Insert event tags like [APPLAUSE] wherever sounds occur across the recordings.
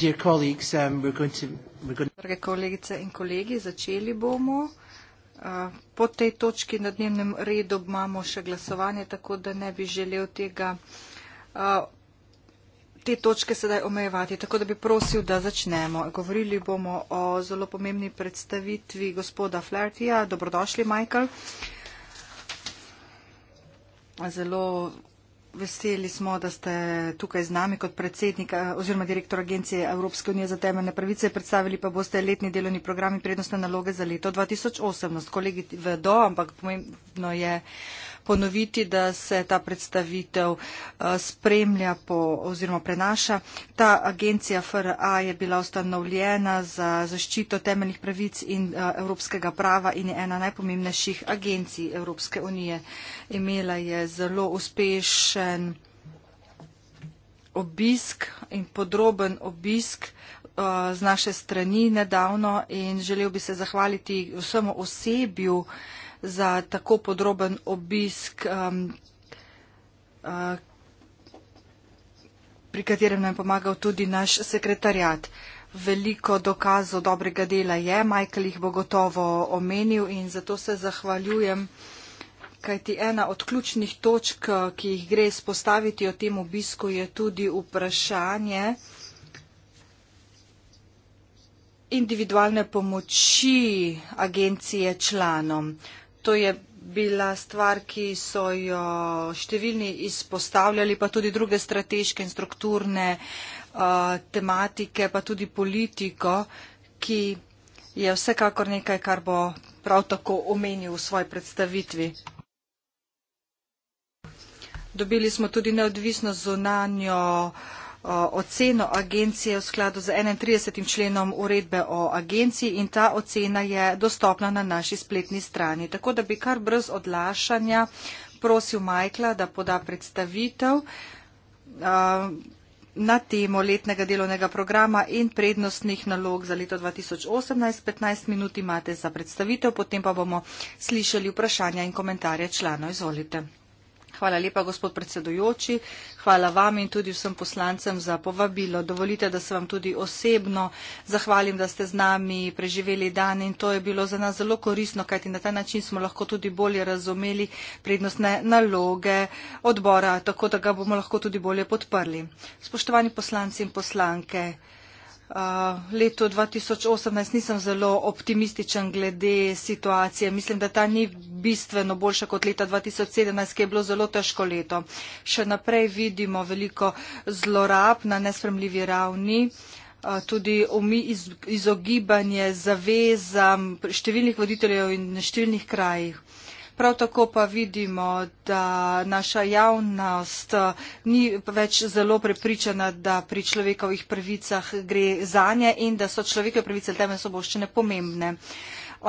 Dear colleagues, um, we're going to, we're going Drage kolegice in kolegi, začeli bomo. Uh, po tej točki na dnevnem redu imamo še glasovanje, tako da ne bi želel tega, uh, te točke sedaj omejevati. Tako da bi prosil, da začnemo. Govorili bomo o zelo pomembni predstavitvi gospoda Flertija. Dobrodošli, Michael. Zelo Veseli smo, da ste tukaj z nami kot predsednik eh, oziroma direktor Agencije Evropske unije za temeljne pravice. Predstavili pa boste letni delovni program in prednostne naloge za leto 2018. Kolegi vedo, ampak pomembno je ponoviti, da se ta predstavitev eh, spremlja po, oziroma prenaša. Ta agencija FRA je bila ustanovljena za zaščito temeljnih pravic in eh, evropskega prava in je ena najpomembnejših agencij Evropske unije. Imela je zelo uspešen obisk in podroben obisk eh, z naše strani nedavno in želel bi se zahvaliti vsemu osebju, za tako podroben obisk, um, uh, pri katerem nam je pomagal tudi naš sekretarjat. Veliko dokazov dobrega dela je, Michael jih bo gotovo omenil in zato se zahvaljujem, kajti ena od ključnih točk, uh, ki jih gre izpostaviti o tem obisku, je tudi vprašanje individualne pomoči agencije članom to je bila stvar, ki so jo številni izpostavljali, pa tudi druge strateške in strukturne uh, tematike, pa tudi politiko, ki je vsekakor nekaj, kar bo prav tako omenil v svoji predstavitvi. Dobili smo tudi neodvisno zunanjo uh, oceno agencije v skladu z 31. členom uredbe o agenciji in ta ocena je dostopna na naši spletni strani. Tako da bi kar brez odlašanja prosil Majkla, da poda predstavitev na temo letnega delovnega programa in prednostnih nalog za leto 2018. 15 minut imate za predstavitev, potem pa bomo slišali vprašanja in komentarje članov. Izvolite. Hvala lepa, gospod predsedujoči. Hvala vam in tudi vsem poslancem za povabilo. Dovolite, da se vam tudi osebno zahvalim, da ste z nami preživeli dan in to je bilo za nas zelo korisno, kajti na ta način smo lahko tudi bolje razumeli prednostne naloge odbora, tako da ga bomo lahko tudi bolje podprli. Spoštovani poslanci in poslanke, Eh, letu 2018 nisem zelo optimističen glede situacije. Mislim, da ta ni bistveno boljša kot leta 2017, ki je bilo zelo težko leto. Še naprej vidimo veliko zlorab na nespremljivi ravni. Eh, tudi izogibanje zavezam številnih voditeljev in številnih krajih. Prav tako pa vidimo, da naša javnost eh, ni več zelo prepričana, da pri človekovih prvicah gre zanje in da so človekove prvice temeljne soboščine pomembne.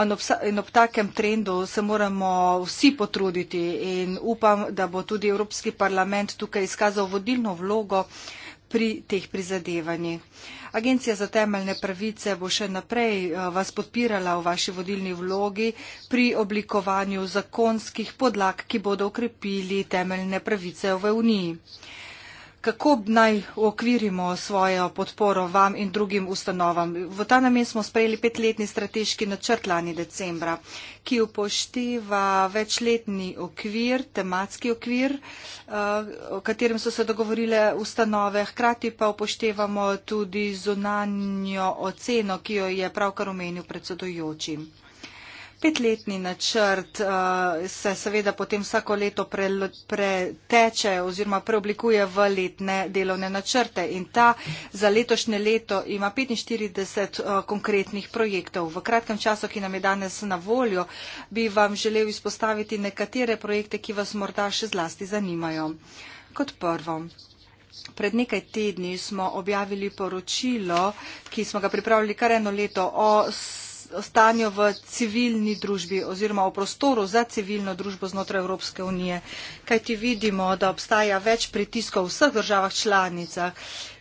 In ob, in ob takem trendu se moramo vsi potruditi in upam, da bo tudi Evropski parlament tukaj izkazal vodilno vlogo pri teh prizadevanjih. Agencija za temeljne pravice bo še naprej eh, vas podpirala v vaši vodilni vlogi pri oblikovanju zakonskih podlag, ki bodo okrepili temeljne pravice v Uniji kako naj okvirimo svojo podporo vam in drugim ustanovam. V ta namen smo sprejeli petletni strateški načrt lani decembra, ki upošteva večletni okvir, tematski okvir, eh, o katerem so se dogovorile ustanove. Hkrati pa upoštevamo tudi zunanjo oceno, ki jo je pravkar omenil predsedojočim. Petletni načrt uh, se seveda potem vsako leto pre, preteče oziroma preoblikuje v letne delovne načrte in ta za letošnje leto ima 45 uh, eh, konkretnih projektov. V kratkem času, ki nam je danes na voljo, bi vam želel izpostaviti nekatere projekte, ki vas morda še zlasti zanimajo. Kot prvo. Pred nekaj tedni smo objavili poročilo, ki smo ga pripravili kar eno leto o stanju v civilni družbi oziroma v prostoru za civilno družbo znotraj Evropske unije. Kaj ti vidimo, da obstaja več pritiskov v vseh državah članicah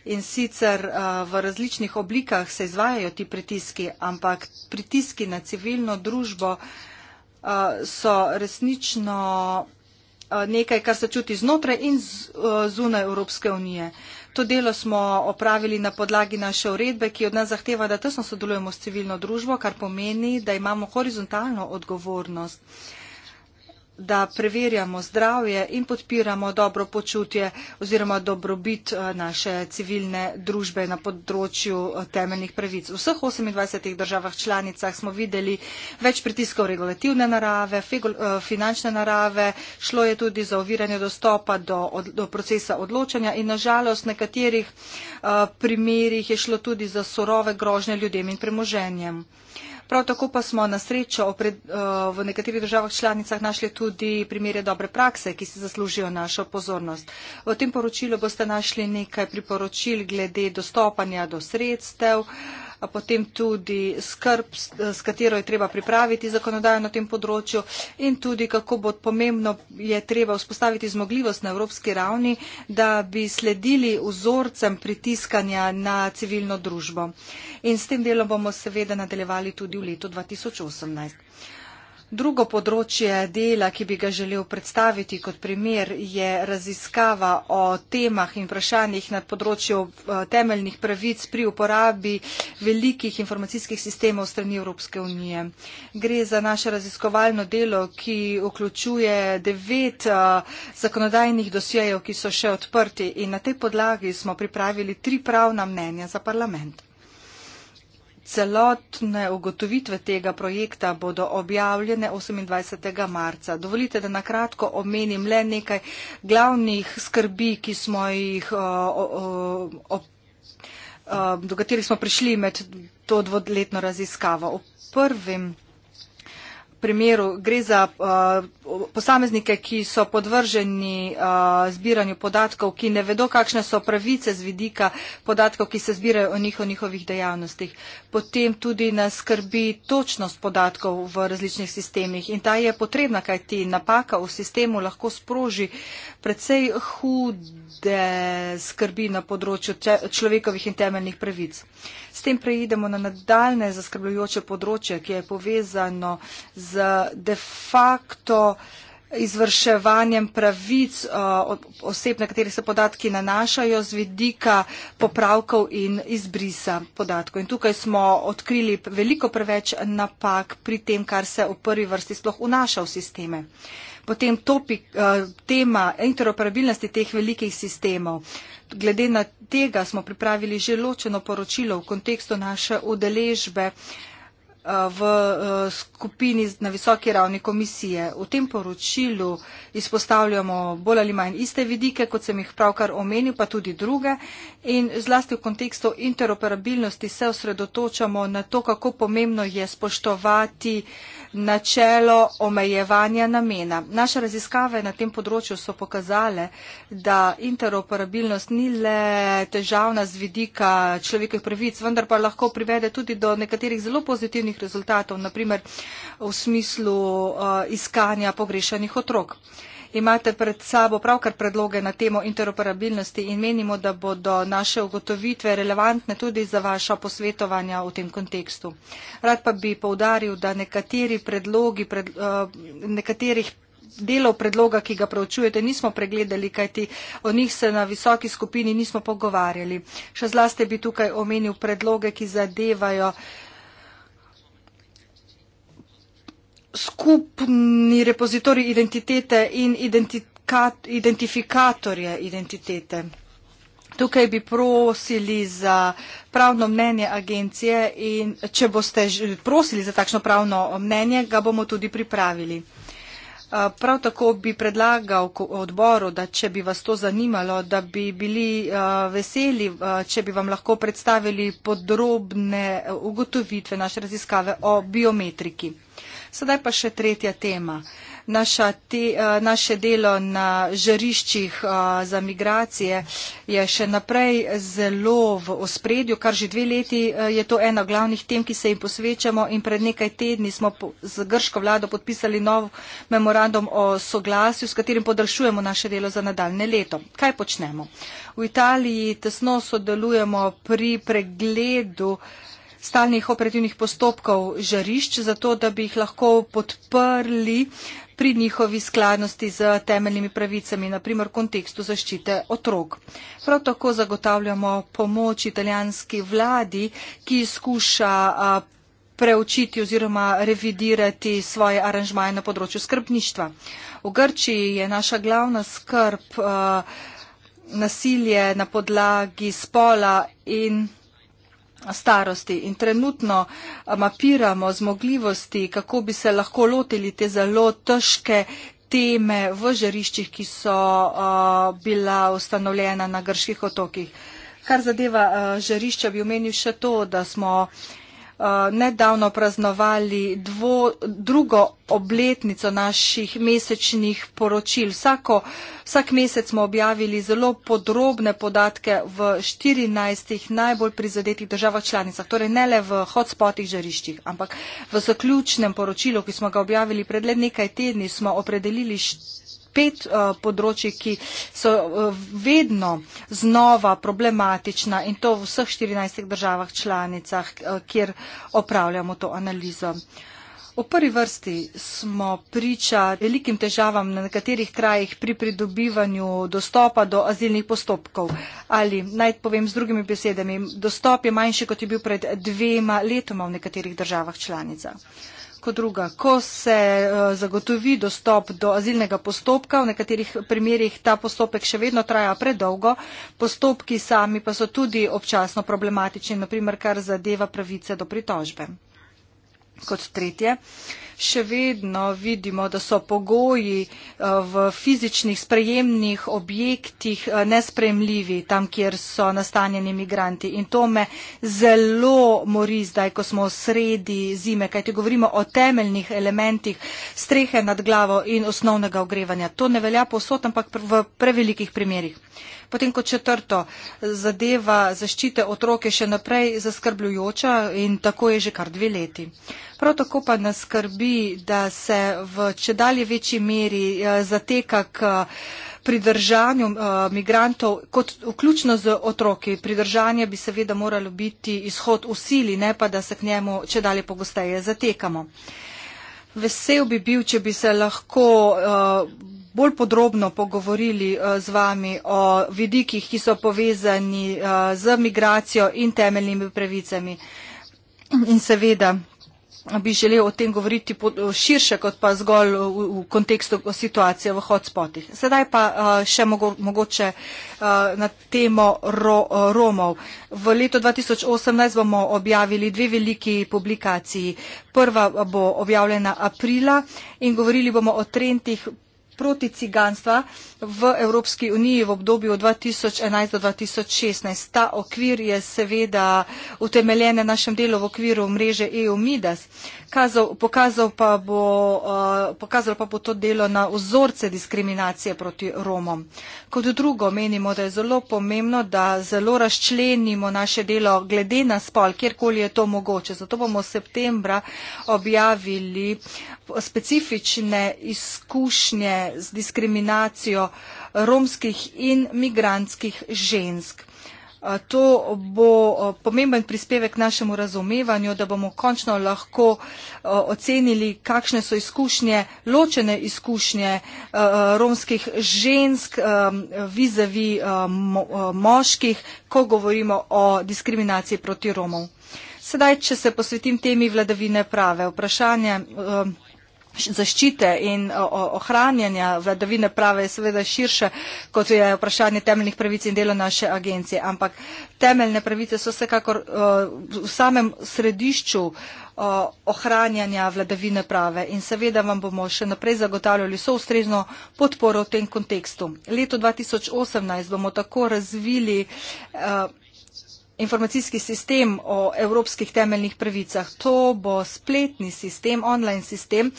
in sicer eh, v različnih oblikah se izvajajo ti pritiski, ampak pritiski na civilno družbo eh, so resnično eh, nekaj, kar se čuti znotraj in zunaj Evropske unije. To delo smo opravili na podlagi naše uredbe, ki od nas zahteva, da tesno sodelujemo s civilno družbo, kar pomeni, da imamo horizontalno odgovornost da preverjamo zdravje in podpiramo dobro počutje oziroma dobrobit eh, naše civilne družbe na področju eh, temeljnih pravic. V vseh 28 državah članicah smo videli več pritiskov regulativne narave, eh, finančne narave, šlo je tudi za oviranje dostopa do, do procesa odločanja in nažalost v nekaterih primerjih je šlo tudi za surove grožnje ljudem in premoženjem. Prav tako pa smo na srečo opred, eh, v nekaterih državah članicah našli tudi primere dobre prakse, ki si zaslužijo našo pozornost. V tem poročilu boste našli nekaj priporočil glede dostopanja do sredstev. Uh, potem tudi skrb, s katero je treba pripraviti zakonodajo na tem področju in tudi kako bo pomembno je treba vzpostaviti zmogljivost na evropski ravni, da bi sledili vzorcem pritiskanja na civilno družbo. In s tem delom bomo seveda nadaljevali tudi v letu 2018. Drugo področje dela, ki bi ga želel predstaviti kot primer, je raziskava o temah in vprašanjih na področju eh, temeljnih pravic pri uporabi velikih informacijskih sistemov strani Evropske unije. Gre za naše raziskovalno delo, ki vključuje devet eh, zakonodajnih dosjejev, ki so še odprti in na tej podlagi smo pripravili tri pravna mnenja za parlament. Celotne ugotovitve tega projekta bodo objavljene 28. marca. Dovolite, da nakratko omenim le nekaj glavnih skrbi, ki smo jih opravili do katerih smo prišli med to dvodletno raziskavo. V prvem primeru gre za uh, posameznike, ki so podvrženi uh, zbiranju podatkov, ki ne vedo, kakšne so pravice z vidika podatkov, ki se zbirajo o njih, o njihovih dejavnostih. Potem tudi nas skrbi točnost podatkov v različnih sistemih in ta je potrebna, kaj ti napaka v sistemu lahko sproži predvsej hude skrbi na področju človekovih in temeljnih pravic. S tem preidemo na nadaljne zaskrbljujoče področje, ki je povezano z z de facto izvrševanjem pravic uh, oseb, na katere se podatki nanašajo, z vidika popravkov in izbrisa podatkov. In tukaj smo odkrili veliko preveč napak pri tem, kar se v prvi vrsti sploh vnaša v sisteme. Potem topik, uh, tema interoperabilnosti teh velikih sistemov. Glede na tega smo pripravili že ločeno poročilo v kontekstu naše udeležbe Eh, v eh, skupini na visoki ravni komisije. V tem poročilu izpostavljamo bolj ali manj iste vidike, kot sem jih pravkar omenil, pa tudi druge in zlasti v kontekstu interoperabilnosti se osredotočamo na to, kako pomembno je spoštovati načelo omejevanja namena. Naše raziskave na tem področju so pokazale, da interoperabilnost ni le težavna z vidika človekovih pravic, vendar pa lahko privede tudi do nekaterih zelo pozitivnih rezultatov, naprimer v smislu uh, iskanja pogrešanih otrok. Uh, imate pred sabo pravkar predloge na temo interoperabilnosti in menimo, da bodo naše ugotovitve relevantne tudi za vaša posvetovanja v tem kontekstu. Rad pa bi povdaril, da nekateri predlogi pred, uh, nekaterih delov predloga, ki ga preučujete, nismo pregledali, kajti o njih se na visoki skupini nismo pogovarjali. Še zlasti bi tukaj omenil predloge, ki zadevajo uh, skupni repozitorij identitete in identika, identifikatorje identitete. Tukaj bi prosili za pravno mnenje agencije in če boste prosili za takšno pravno mnenje, ga bomo tudi pripravili. Prav tako bi predlagal odboru, da če bi vas to zanimalo, da bi bili veseli, če bi vam lahko predstavili podrobne ugotovitve naše raziskave o biometriki. Sedaj pa še tretja tema. Naša te, eh, naše delo na žariščih eh, za migracije je še naprej zelo v ospredju, kar že dve leti eh, je to ena glavnih tem, ki se jim posvečamo in pred nekaj tedni smo z grško vlado podpisali nov memorandum o soglasju, s katerim podaljšujemo naše delo za nadaljne leto. Kaj počnemo? V Italiji tesno sodelujemo pri pregledu stalnih operativnih postopkov žarišč, zato da bi jih lahko podprli pri njihovi skladnosti z temeljnimi pravicami, naprimer v kontekstu zaščite otrok. Prav tako zagotavljamo pomoč italijanski vladi, ki skuša preučiti oziroma revidirati svoje aranžmaje na področju skrbništva. V Grčiji je naša glavna skrb nasilje na podlagi spola in starosti in trenutno mapiramo zmogljivosti, kako bi se lahko lotili te zelo težke teme v žariščih, ki so bila ustanovljena na grških otokih. Kar zadeva žarišča, bi omenil še to, da smo Eh, nedavno praznovali dvo, drugo obletnico naših mesečnih poročil. Vsako, vsak mesec smo objavili zelo podrobne podatke v 14 najbolj prizadetih državah članicah, torej ne le v hotspotih žariščih, ampak v zaključnem poročilu, ki smo ga objavili pred le nekaj tedni, smo opredelili št pet uh, eh, področji, ki so uh, vedno znova problematična in to v vseh 14 državah članicah, uh, kjer opravljamo to analizo. V prvi vrsti smo priča velikim težavam na nekaterih krajih pri pridobivanju dostopa do azilnih postopkov. Ali naj povem z drugimi besedami, dostop je manjši, kot je bil pred dvema letoma v nekaterih državah članicah. Kot druga, ko se uh, zagotovi dostop do azilnega postopka, v nekaterih primerjih ta postopek še vedno traja predolgo, postopki sami pa so tudi občasno problematični, naprimer kar zadeva pravice do pritožbe. Kot tretje, uh, še vedno vidimo, da so pogoji eh, v fizičnih sprejemnih objektih eh, nespremljivi tam, kjer so nastanjeni migranti. In to me zelo mori zdaj, ko smo sredi zime, kajti govorimo o temeljnih elementih strehe nad glavo in osnovnega ogrevanja. To ne velja posod, ampak v prevelikih primerjih. Potem kot četrto, zadeva zaščite otroke še naprej zaskrbljujoča in tako je že kar dve leti. Prav tako pa nas skrbi, da se v čedalje večji meri eh, zateka k eh, pridržanju uh, migrantov, kot vključno z otroki. Pridržanje bi seveda moralo biti izhod v sili, ne pa da se k njemu če dalje pogosteje zatekamo. Vesel bi bil, če bi se lahko uh, bolj podrobno pogovorili uh, z vami o vidikih, ki so povezani uh, z migracijo in temeljnimi pravicami. In seveda, bi želel o tem govoriti širše, kot pa zgolj v, v kontekstu situacije v hotspotih. Sedaj pa eh, še mogoče eh, na temo ro, Romov. V letu 2018 bomo objavili dve veliki publikaciji. Prva bo objavljena aprila in govorili bomo o trendih proti ciganstva v Evropski uniji v obdobju 2011 do 2016. Ta okvir je seveda utemeljen na našem delu v okviru mreže EU Midas. Kazal, pokazal pa bo, uh, eh, pokazal pa bo to delo na vzorce diskriminacije proti Romom. Kot drugo menimo, da je zelo pomembno, da zelo razčlenimo naše delo glede na spol, kjerkoli je to mogoče. Zato bomo v septembra objavili uh, specifične izkušnje z diskriminacijo romskih in migrantskih žensk. To bo pomemben prispevek našemu razumevanju, da bomo končno lahko ocenili, kakšne so izkušnje, ločene izkušnje romskih žensk vizavi moških, ko govorimo o diskriminaciji proti Romov. Sedaj, če se posvetim temi vladavine prave, vprašanje zaščite in ohranjanja vladavine prave je seveda širše, kot je vprašanje temeljnih pravic in delo naše agencije. Ampak temeljne pravice so vsekakor v samem središču ohranjanja vladavine prave in seveda vam bomo še naprej zagotavljali vso ustrezno podporo v tem kontekstu. Leto 2018 bomo tako razvili informacijski sistem o evropskih temeljnih pravicah. To bo spletni sistem, online sistem,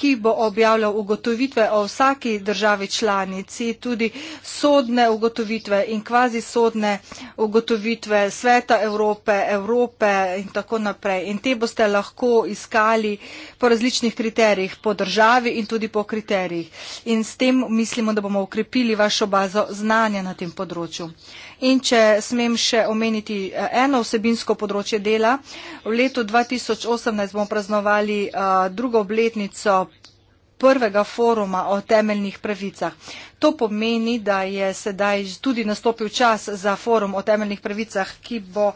ki bo objavljal ugotovitve o vsaki državi članici, tudi sodne ugotovitve in kvazi sodne ugotovitve Sveta Evrope, Evrope in tako naprej. In te boste lahko iskali po različnih kriterijih, po državi in tudi po kriterijih. In s tem mislimo, da bomo ukrepili vašo bazo znanja na tem področju. In če smem še omeniti eh, eno vsebinsko področje dela, v letu 2018 bomo praznovali eh, drugo obletnico prvega foruma o temeljnih pravicah. To pomeni, da je sedaj tudi nastopil čas za forum o temeljnih pravicah, ki bo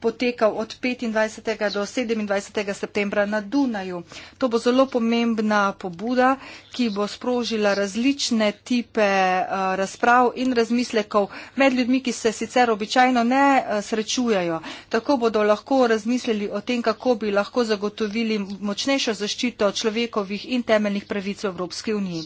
potekal od 25. do 27. septembra na Dunaju. To bo zelo pomembna pobuda, ki bo sprožila različne tipe eh, razprav in razmislekov med ljudmi, ki se sicer običajno ne eh, srečujajo. Tako bodo lahko razmislili o tem, kako bi lahko zagotovili močnejšo zaščito človekovih in temeljnih pravic v Evropski uniji.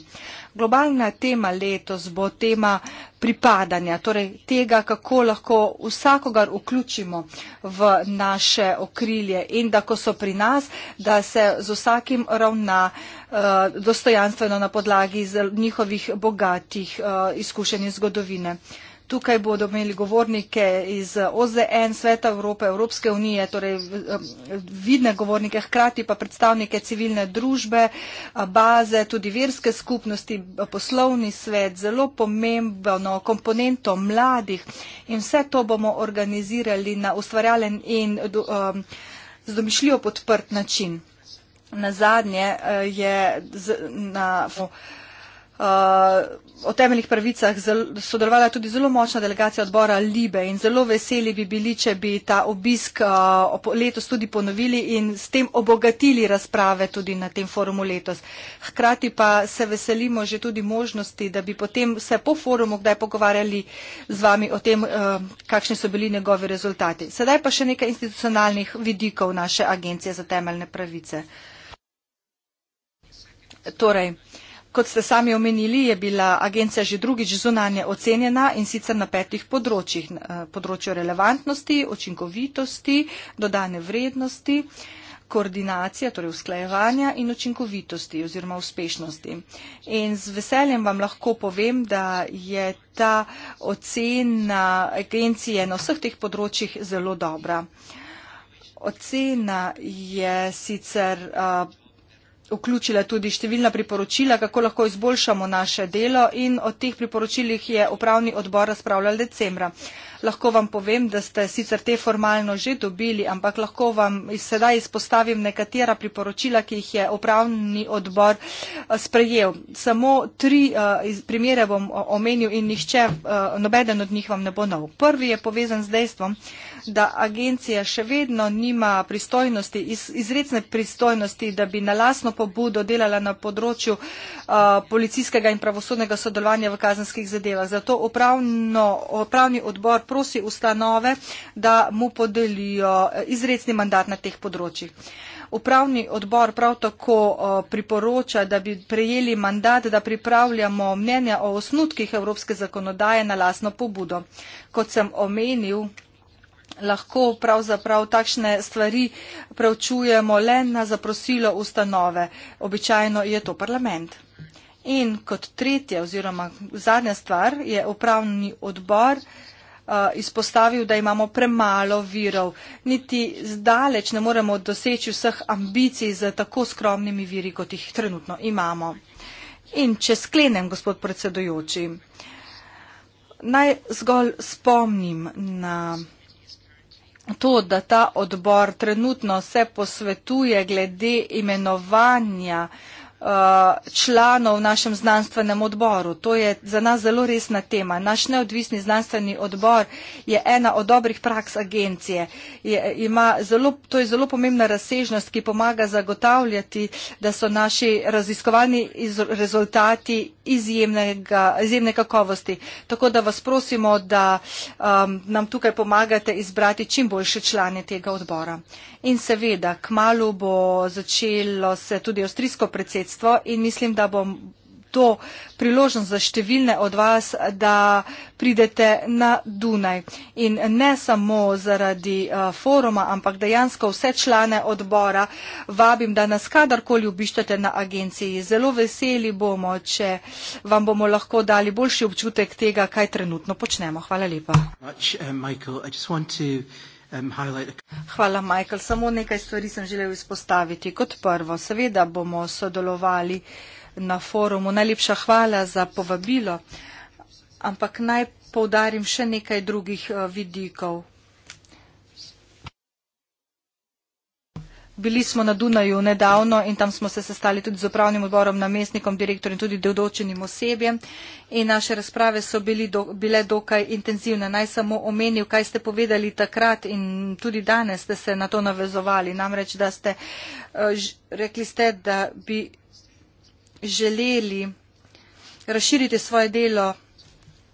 Globalna tema letos bo tema pripadanja, torej tega, kako lahko vsakogar vključimo v naše okrilje in da ko so pri nas, da se z vsakim ravna eh, dostojanstveno na podlagi njihovih bogatih eh, izkušenj iz zgodovine. Tukaj bodo imeli govornike iz OZN, Sveta Evrope, Evropske unije, torej eh, vidne govornike, hkrati pa predstavnike civilne družbe, eh, baze, tudi verske skupnosti, eh, poslovni svet, zelo pomembno komponento mladih in vse to bomo organizirali na ustvarjalen in z domišljijo podprt način. Na zadnje je na uh, o temeljnih pravicah sodelovala tudi zelo močna delegacija odbora Libe in zelo veseli bi bili, če bi ta obisk uh, letos tudi ponovili in s tem obogatili razprave tudi na tem forumu letos. Hkrati pa se veselimo že tudi možnosti, da bi potem se po forumu kdaj pogovarjali z vami o tem, uh, kakšni so bili njegovi rezultati. Sedaj pa še nekaj institucionalnih vidikov naše agencije za temeljne pravice. Torej, Kot ste sami omenili, je bila agencija že drugič zunanje ocenjena in sicer na petih področjih. Eh, področju relevantnosti, učinkovitosti, dodane vrednosti, koordinacija, torej usklajevanja in učinkovitosti oziroma uspešnosti. In z veseljem vam lahko povem, da je ta ocena agencije na vseh teh področjih zelo dobra. Ocena je sicer. Uh, vključile tudi številna priporočila, kako lahko izboljšamo naše delo in o teh priporočilih je upravni odbor razpravljal decembra. Lahko vam povem, da ste sicer te formalno že dobili, ampak lahko vam sedaj izpostavim nekatera priporočila, ki jih je upravni odbor eh, sprejel. Samo tri eh, primere bom omenil in eh, nobeden od njih vam ne bo nov. Prvi je povezan z dejstvom, da agencija še vedno nima pristojnosti, iz, izredne pristojnosti, da bi na lasno pobudo delala na področju uh, policijskega in pravosodnega sodelovanja v kazenskih zadevah. Zato upravno, upravni odbor prosi ustanove, da mu podelijo uh, izredni mandat na teh področjih. Upravni odbor prav tako uh, priporoča, da bi prejeli mandat, da pripravljamo mnenja o osnutkih evropske zakonodaje na lasno pobudo. Kot sem omenil, lahko pravzaprav takšne stvari preučujemo le na zaprosilo ustanove. Običajno je to parlament. In kot tretje oziroma zadnja stvar je upravni odbor eh, izpostavil, da imamo premalo virov. Niti zdaleč ne moremo doseči vseh ambicij z tako skromnimi viri, kot jih trenutno imamo. In če sklenem, gospod predsedujoči, naj zgolj spomnim na to, da ta odbor trenutno se posvetuje glede imenovanja uh, Eh, članov v našem znanstvenem odboru. To je za nas zelo resna tema. Naš neodvisni znanstveni odbor je ena od dobrih praks agencije. Je, ima zelo, to je zelo pomembna razsežnost, ki pomaga zagotavljati, da so naši raziskovani iz, rezultati izjemnega, izjemne kakovosti. Tako da vas prosimo, da um, nam tukaj pomagate izbrati čim boljše člane tega odbora. In seveda, kmalo bo začelo se tudi avstrijsko predsedstvo sredstvo in mislim, da bom to priložnost za številne od vas, da pridete na Dunaj. In ne samo zaradi uh, foruma, ampak dejansko vse člane odbora vabim, da nas kadarkoli obiščate na agenciji. Zelo veseli bomo, če vam bomo lahko dali boljši občutek tega, kaj trenutno počnemo. Hvala lepa. Much, uh, Um, hvala, Michael. Samo nekaj stvari sem želel izpostaviti. Kot prvo, seveda bomo sodelovali na forumu. Najlepša hvala za povabilo. Ampak naj poudarim še nekaj drugih uh, vidikov. Bili smo na Dunaju nedavno in tam smo se sestali tudi z upravnim odborom, namestnikom, direktorjem in tudi določenim osebjem. In naše razprave so bili do, bile dokaj intenzivne. Naj samo omenil, kaj ste povedali takrat in tudi danes ste se na to navezovali. Namreč, da ste uh, rekli, ste, da bi želeli razširiti svoje delo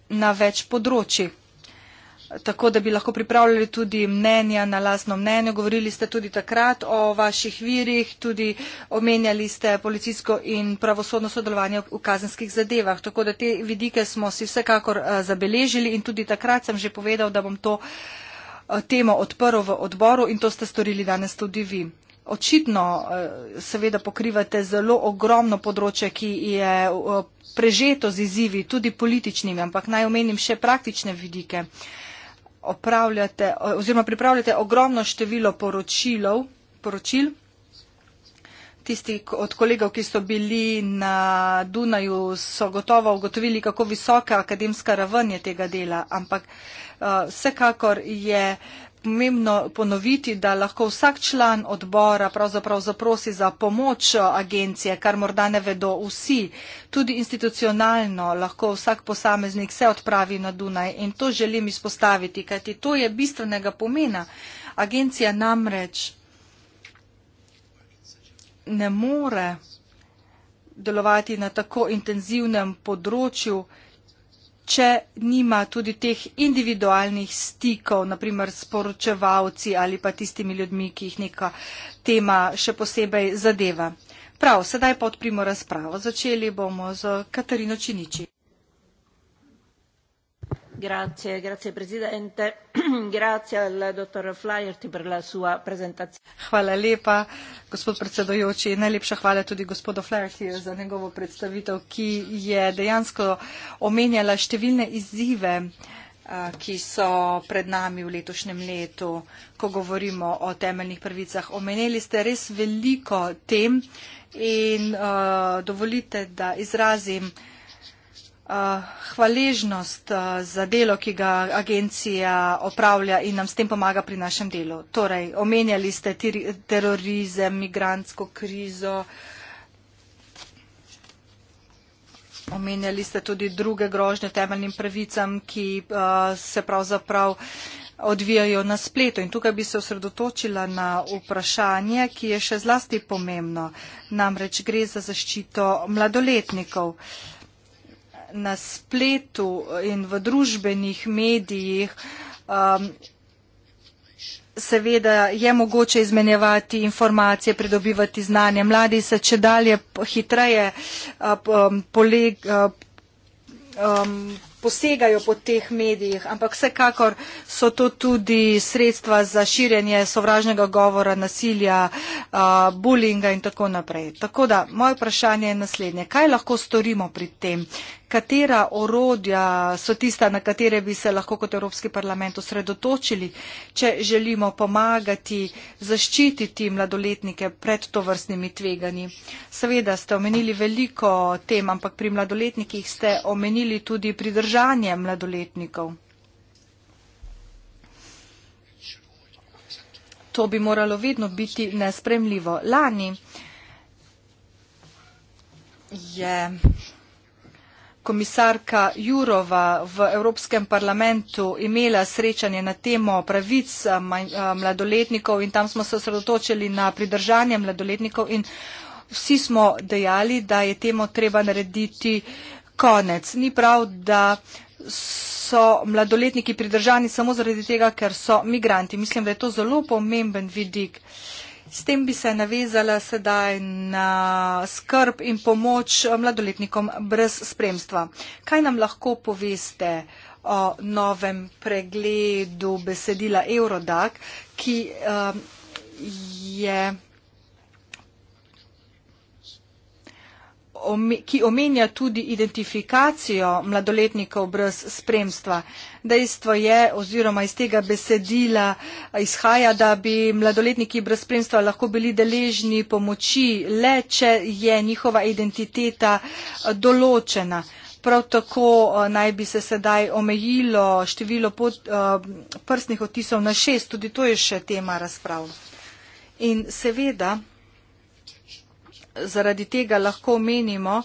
na več področjih tako da bi lahko pripravljali tudi mnenja na lastno mnenje. Govorili ste tudi takrat o vaših virih, tudi omenjali ste policijsko in pravosodno sodelovanje v kazenskih zadevah. Tako da te vidike smo si vsekakor eh, zabeležili in tudi takrat sem že povedal, da bom to eh, temo odprl v odboru in to ste storili danes tudi vi. Očitno eh, seveda pokrivate zelo ogromno področje, ki je prežeto z izzivi, tudi političnimi, ampak naj omenim še praktične vidike opravljate oziroma pripravljate ogromno število poročilov, poročil. Tisti od kolegov, ki so bili na Dunaju, so gotovo ugotovili, kako visoka akademska raven je tega dela, ampak uh, vsekakor je uh, pomembno ponoviti, da lahko vsak član odbora pravzaprav zaprosi za pomoč eh, agencije, kar morda ne vedo vsi. Tudi institucionalno lahko vsak posameznik se odpravi na Dunaj in to želim izpostaviti, kajti to je bistvenega pomena. Agencija namreč ne more delovati na tako intenzivnem področju, če nima tudi teh individualnih stikov, naprimer s poročevalci ali pa tistimi ljudmi, ki jih neka tema še posebej zadeva. Prav, sedaj pa odprimo razpravo. Začeli bomo z Katarino Činiči grazie, grazie presidente. [CLEARS THROAT] grazie al dottor Flaherty per la sua presentazione. Hvala lepa, gospod predsedojoči. Najlepša hvala tudi gospodu Flahertyju za njegovo predstavitev, ki je dejansko omenjala številne izzive ki so pred nami v letošnjem letu, ko govorimo o temeljnih prvicah. Omenili ste res veliko tem in uh, dovolite, da izrazim uh, Eh, hvaležnost eh, za delo, ki ga agencija opravlja in nam s tem pomaga pri našem delu. Torej, omenjali ste terorizem, migransko krizo, omenjali ste tudi druge grožnje temeljnim pravicam, ki eh, se pravzaprav odvijajo na spletu. In tukaj bi se osredotočila na vprašanje, ki je še zlasti pomembno. Namreč gre za zaščito mladoletnikov. Uh, na spletu in v družbenih medijih. Um, seveda je mogoče izmenjevati informacije, pridobivati znanje. Mladi se če dalje hitreje uh, um, poleg, uh, um, posegajo po teh medijih, ampak vsekakor so to tudi sredstva za širjenje sovražnega govora, nasilja, uh, bulinga in tako naprej. Tako da moje vprašanje je naslednje. Kaj lahko storimo pri tem? katera orodja so tista, na katere bi se lahko kot Evropski parlament osredotočili, če želimo pomagati zaščititi mladoletnike pred to vrstnimi tveganji. Seveda ste omenili veliko tem, ampak pri mladoletnikih ste omenili tudi pridržanje mladoletnikov. To bi moralo vedno biti nespremljivo. Lani je komisarka Jurova v Evropskem parlamentu imela srečanje na temo pravic eh, eh, mladoletnikov in tam smo se osredotočili na pridržanje mladoletnikov in vsi smo dejali, da je temo treba narediti konec. Ni prav, da so mladoletniki pridržani samo zaradi tega, ker so migranti. Mislim, da je to zelo pomemben vidik. S tem bi se navezala sedaj na skrb in pomoč mladoletnikom brez spremstva. Kaj nam lahko poveste o novem pregledu besedila Eurodac, ki uh, je ki omenja tudi identifikacijo mladoletnikov brez spremstva. Dejstvo je oziroma iz tega besedila izhaja, da bi mladoletniki brez spremstva lahko bili deležni pomoči le, če je njihova identiteta eh, določena. Prav tako eh, naj bi se sedaj omejilo število pot, eh, prstnih otisov na šest, tudi to je še tema razprav. In seveda, zaradi tega lahko menimo,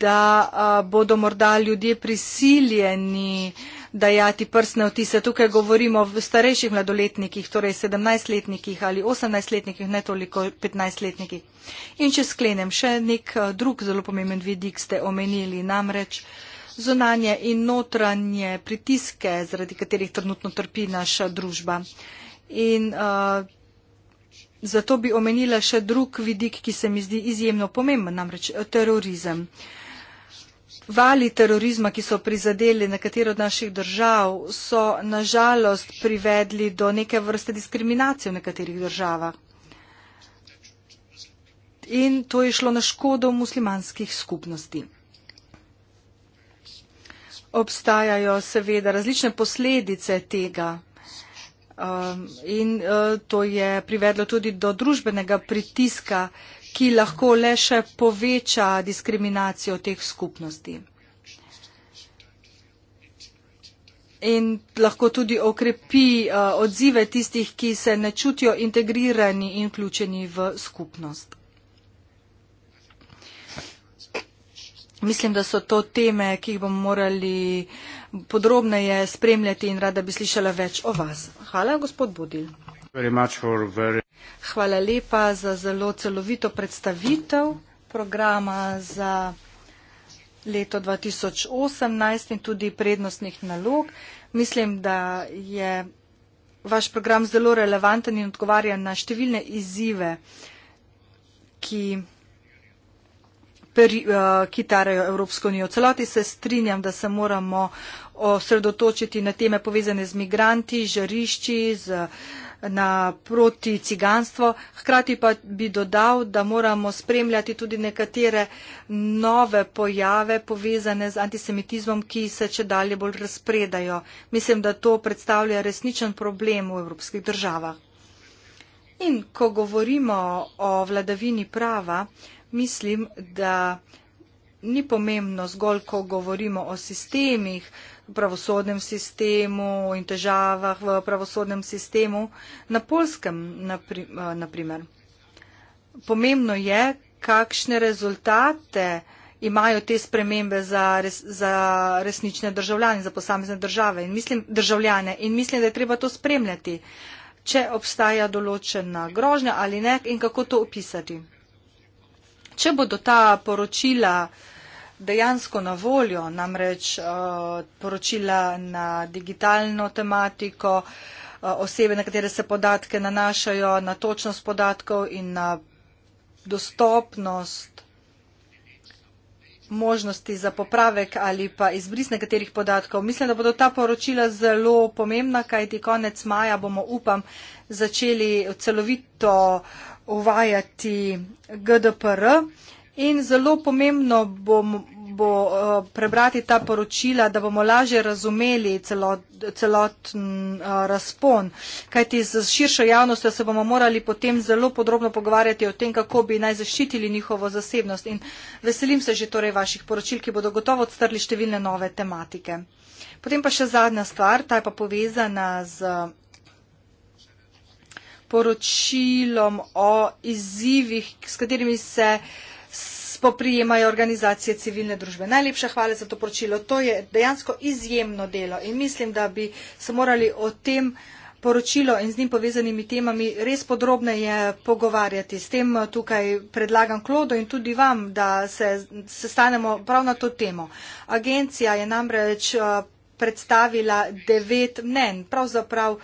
da bodo morda ljudje prisiljeni dajati prstne otise. Tukaj govorimo o starejših mladoletnikih, torej 17-letnikih ali 18-letnikih, ne toliko 15-letnikih. In če sklenem, še nek drug zelo pomemben vidik ste omenili, namreč zunanje in notranje pritiske, zaradi katerih trenutno trpi naša družba. In uh, Zato bi omenila še drug vidik, ki se mi zdi izjemno pomemben, namreč eh, terorizem. Vali terorizma, ki so prizadeli nekatero od naših držav, so nažalost privedli do neke vrste diskriminacije v nekaterih državah. In to je šlo na škodo muslimanskih skupnosti. Obstajajo seveda različne posledice tega. Um, in uh, to je privedlo tudi do družbenega pritiska, ki lahko le še poveča diskriminacijo teh skupnosti. In lahko tudi okrepi uh, odzive tistih, ki se ne čutijo integrirani in vključeni v skupnost. Mislim, da so to teme, ki jih bomo morali podrobneje spremljati in rada bi slišala več o vas. Hvala, gospod Budil. Very... Hvala lepa za zelo celovito predstavitev programa za leto 2018 in tudi prednostnih nalog. Mislim, da je vaš program zelo relevanten in odgovarja na številne izzive, ki Eh, ki tarajo Evropsko unijo. Celoti se strinjam, da se moramo osredotočiti na teme povezane z migranti, žarišči, z, na proti ciganstvo. Hkrati pa bi dodal, da moramo spremljati tudi nekatere nove pojave povezane z antisemitizmom, ki se če dalje bolj razpredajo. Mislim, da to predstavlja resničen problem v evropskih državah. In ko govorimo o vladavini prava, mislim, da ni pomembno zgolj, ko govorimo o sistemih, pravosodnem sistemu in težavah v pravosodnem sistemu na polskem, naprimer. Eh, pomembno je, kakšne rezultate imajo te spremembe za, res, za resnične državljane, za posamezne države in mislim, državljane in mislim, da je treba to spremljati, če obstaja določena grožnja ali ne in kako to opisati če bodo ta poročila dejansko na voljo, namreč uh, poročila na digitalno tematiko, uh, osebe, na katere se podatke nanašajo, na točnost podatkov in na dostopnost možnosti za popravek ali pa izbris nekaterih podatkov. Mislim, da bodo ta poročila zelo pomembna, kajti konec maja bomo, upam, začeli celovito uh, uvajati GDPR in zelo pomembno bo, bo eh, prebrati ta poročila, da bomo lažje razumeli celot, celotn eh, razpon, kajti z širšo javnostjo se bomo morali potem zelo podrobno pogovarjati o tem, kako bi naj zaščitili njihovo zasebnost in veselim se že torej vaših poročil, ki bodo gotovo odstrli številne nove tematike. Potem pa še zadnja stvar, ta je pa povezana z poročilom o izzivih, s katerimi se spoprijemajo organizacije civilne družbe. Najlepša hvala za to poročilo. To je dejansko izjemno delo in mislim, da bi se morali o tem poročilo in z njim povezanimi temami res podrobneje pogovarjati. S tem eh, tukaj predlagam Klodo in tudi vam, da se sestanemo prav na to temo. Agencija je namreč eh, predstavila devet mnen, pravzaprav uh,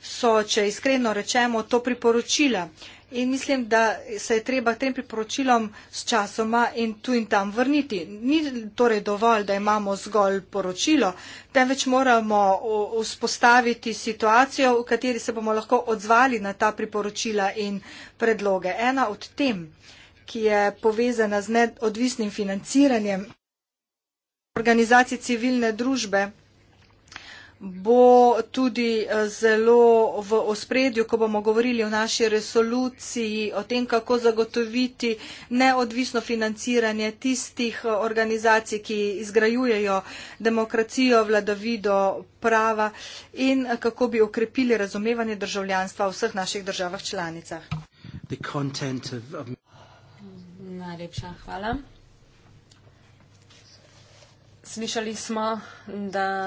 so, če iskreno rečemo, to priporočila. In mislim, da se je treba tem priporočilom s časoma in tu in tam vrniti. Ni torej dovolj, da imamo zgolj poročilo, temveč moramo vzpostaviti situacijo, v kateri se bomo lahko odzvali na ta priporočila in predloge. Ena od tem, ki je povezana z neodvisnim financiranjem organizacij civilne družbe, bo tudi eh, zelo v ospredju, ko bomo govorili o naši resoluciji, o tem, kako zagotoviti neodvisno financiranje tistih eh, organizacij, ki izgrajujejo demokracijo, vladavido prava in eh, kako bi okrepili razumevanje državljanstva v vseh naših državah članicah. Of, of... Najlepša hvala. Slišali smo, da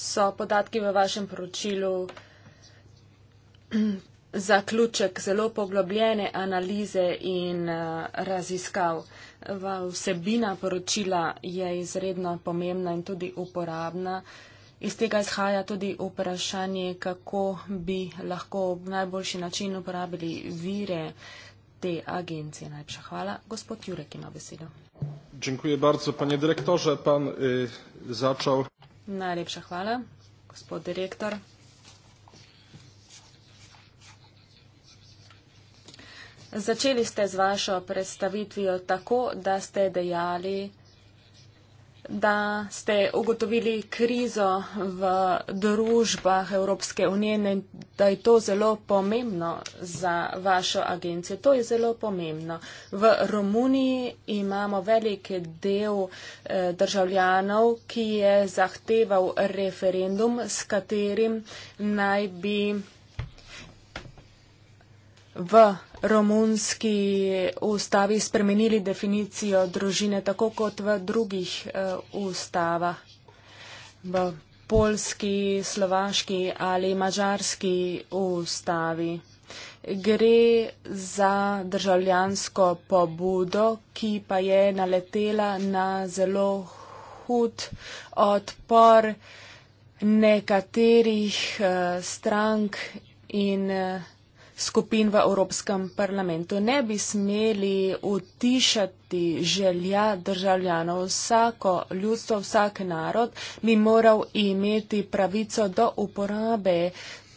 so podatki v vašem poročilu [CLEARS THROAT] zaključek zelo poglobljene analize in eh, raziskav. Vsebina poročila je izredno pomembna in tudi uporabna. Iz tega izhaja tudi vprašanje, kako bi lahko v najboljši način uporabili vire te agencije. Najprej hvala. Gospod Jurek ima besedo. Dziękuję bardzo, panie dyrektorze. Pan y, zaczął. Najlepša hvala, gospod direktor. Začeli ste z vašo predstavitvijo tako, da ste dejali, da ste ugotovili krizo v družbah Evropske unije in da je to zelo pomembno za vašo agencijo. To je zelo pomembno. V Romuniji imamo velik del eh, državljanov, ki je zahteval referendum, s katerim naj bi v romunski ustavi spremenili definicijo družine tako kot v drugih eh, ustavah. V polski, slovaški ali mađarski ustavi. Gre za državljansko pobudo, ki pa je naletela na zelo hud odpor nekaterih eh, strank in eh, skupin v Evropskem parlamentu. Ne bi smeli utišati želja državljanov. Vsako ljudstvo, vsak narod bi moral imeti pravico do uporabe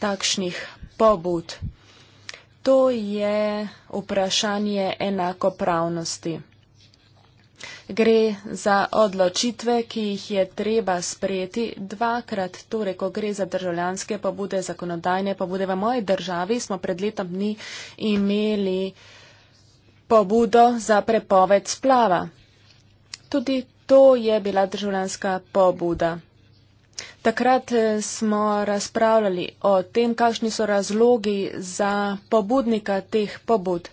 takšnih pobud. To je vprašanje enakopravnosti. Gre za odločitve, ki jih je treba sprejeti dvakrat, torej, ko gre za državljanske pobude, zakonodajne pobude. V moji državi smo pred letom dni imeli pobudo za prepoved splava. Tudi to je bila državljanska pobuda. Takrat eh, smo razpravljali o tem, kakšni so razlogi za pobudnika teh pobud.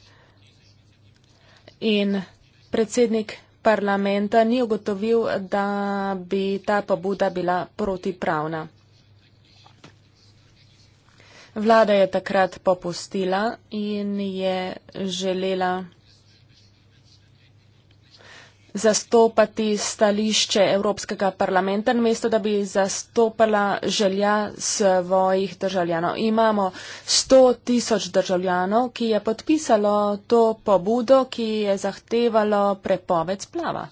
In predsednik parlament ni ugotovil, da bi ta pobuda bila protipravna. Vlada je takrat popustila in je želela zastopati stališče Evropskega parlamenta, namesto da bi zastopala želja svojih državljanov. Imamo 100 tisoč državljanov, ki je podpisalo to pobudo, ki je zahtevalo prepoved splava.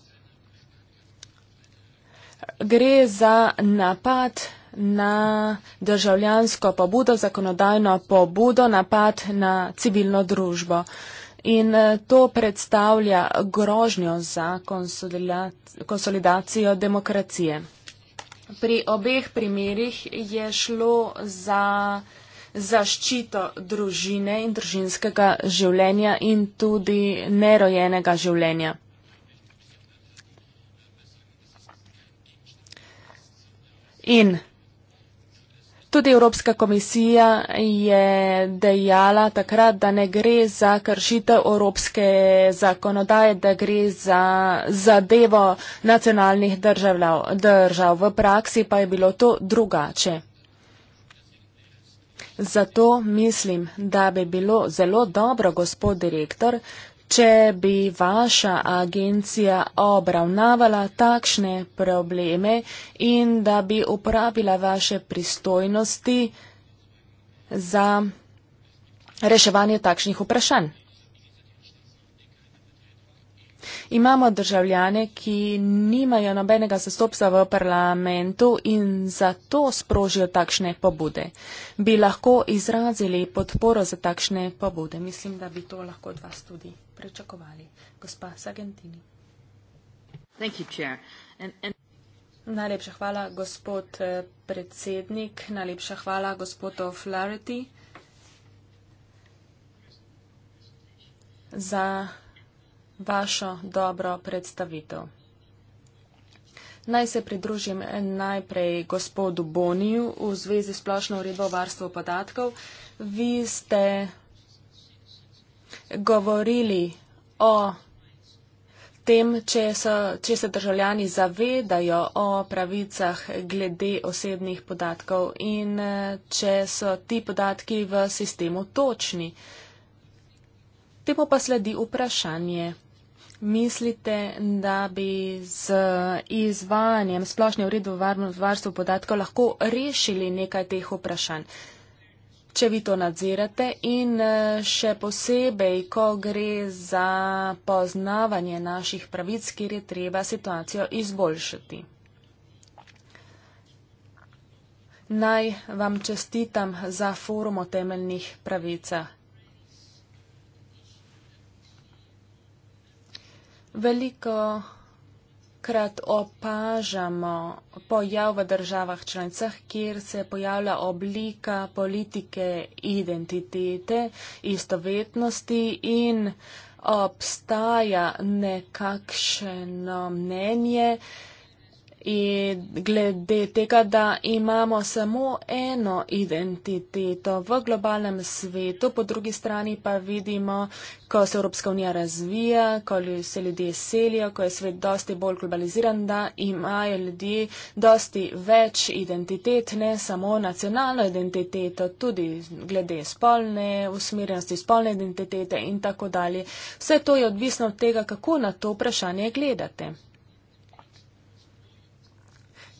Gre za napad na državljansko pobudo, zakonodajno pobudo, napad na civilno družbo. In eh, to predstavlja grožnjo za konsolidacijo demokracije. Pri obeh primerjih je šlo za zaščito družine in družinskega življenja in tudi nerojenega življenja. In Tudi Evropska komisija je dejala takrat, da ne gre za kršitev evropske zakonodaje, da gre za zadevo nacionalnih državljav, držav. V praksi pa je bilo to drugače. Zato mislim, da bi bilo zelo dobro, gospod direktor, Če bi vaša agencija obravnavala takšne probleme in da bi uporabila vaše pristojnosti za reševanje takšnih vprašanj. Imamo državljane, ki nimajo nobenega zastopstva v parlamentu in zato sprožijo takšne pobude. Bi lahko izrazili podporo za takšne pobude? Mislim, da bi to lahko od vas tudi prečakovali. Gospa Sargentini. Najlepša hvala, gospod eh, predsednik. Najlepša hvala, gospod O'Flaherty. Za vašo dobro predstavitev. Naj se pridružim najprej gospodu Boniju v zvezi splošno uredbo varstvo podatkov. Vi ste govorili o tem, če, so, če se državljani zavedajo o pravicah glede osebnih podatkov in eh, če so ti podatki v sistemu točni. Temu pa sledi vprašanje. Mislite, da bi z izvajanjem splošne uredbe varstvo podatkov lahko rešili nekaj teh vprašanj? Če vi to nadzirate in eh, še posebej, ko gre za poznavanje naših pravic, kjer je treba situacijo izboljšati. Naj vam čestitam za forum o temeljnih pravicah. Veliko krat opažamo pojav v državah članicah, kjer se pojavlja oblika politike identitete, istovetnosti in obstaja nekakšno mnenje, In glede tega, da imamo samo eno identiteto v globalnem svetu, po drugi strani pa vidimo, ko se Evropska unija razvija, ko se ljudje selijo, ko je svet dosti bolj globaliziran, da imajo ljudje dosti več identitet, ne samo nacionalno identiteto, tudi glede spolne usmerjenosti, spolne identitete in tako dalje. Vse to je odvisno od tega, kako na to vprašanje gledate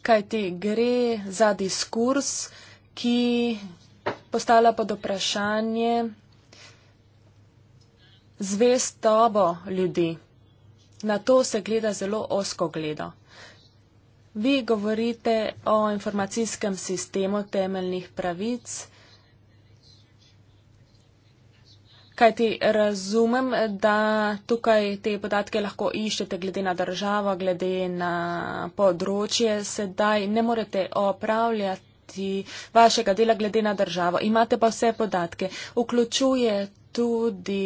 kajti gre za diskurs, ki postala pod vprašanje zvestobo ljudi. Na to se gleda zelo osko gledo. Vi govorite o informacijskem sistemu temeljnih pravic. kajti razumem, da tukaj te podatke lahko iščete glede na državo, glede na področje, sedaj ne morete opravljati vašega dela glede na državo. Imate pa vse podatke. Vključuje tudi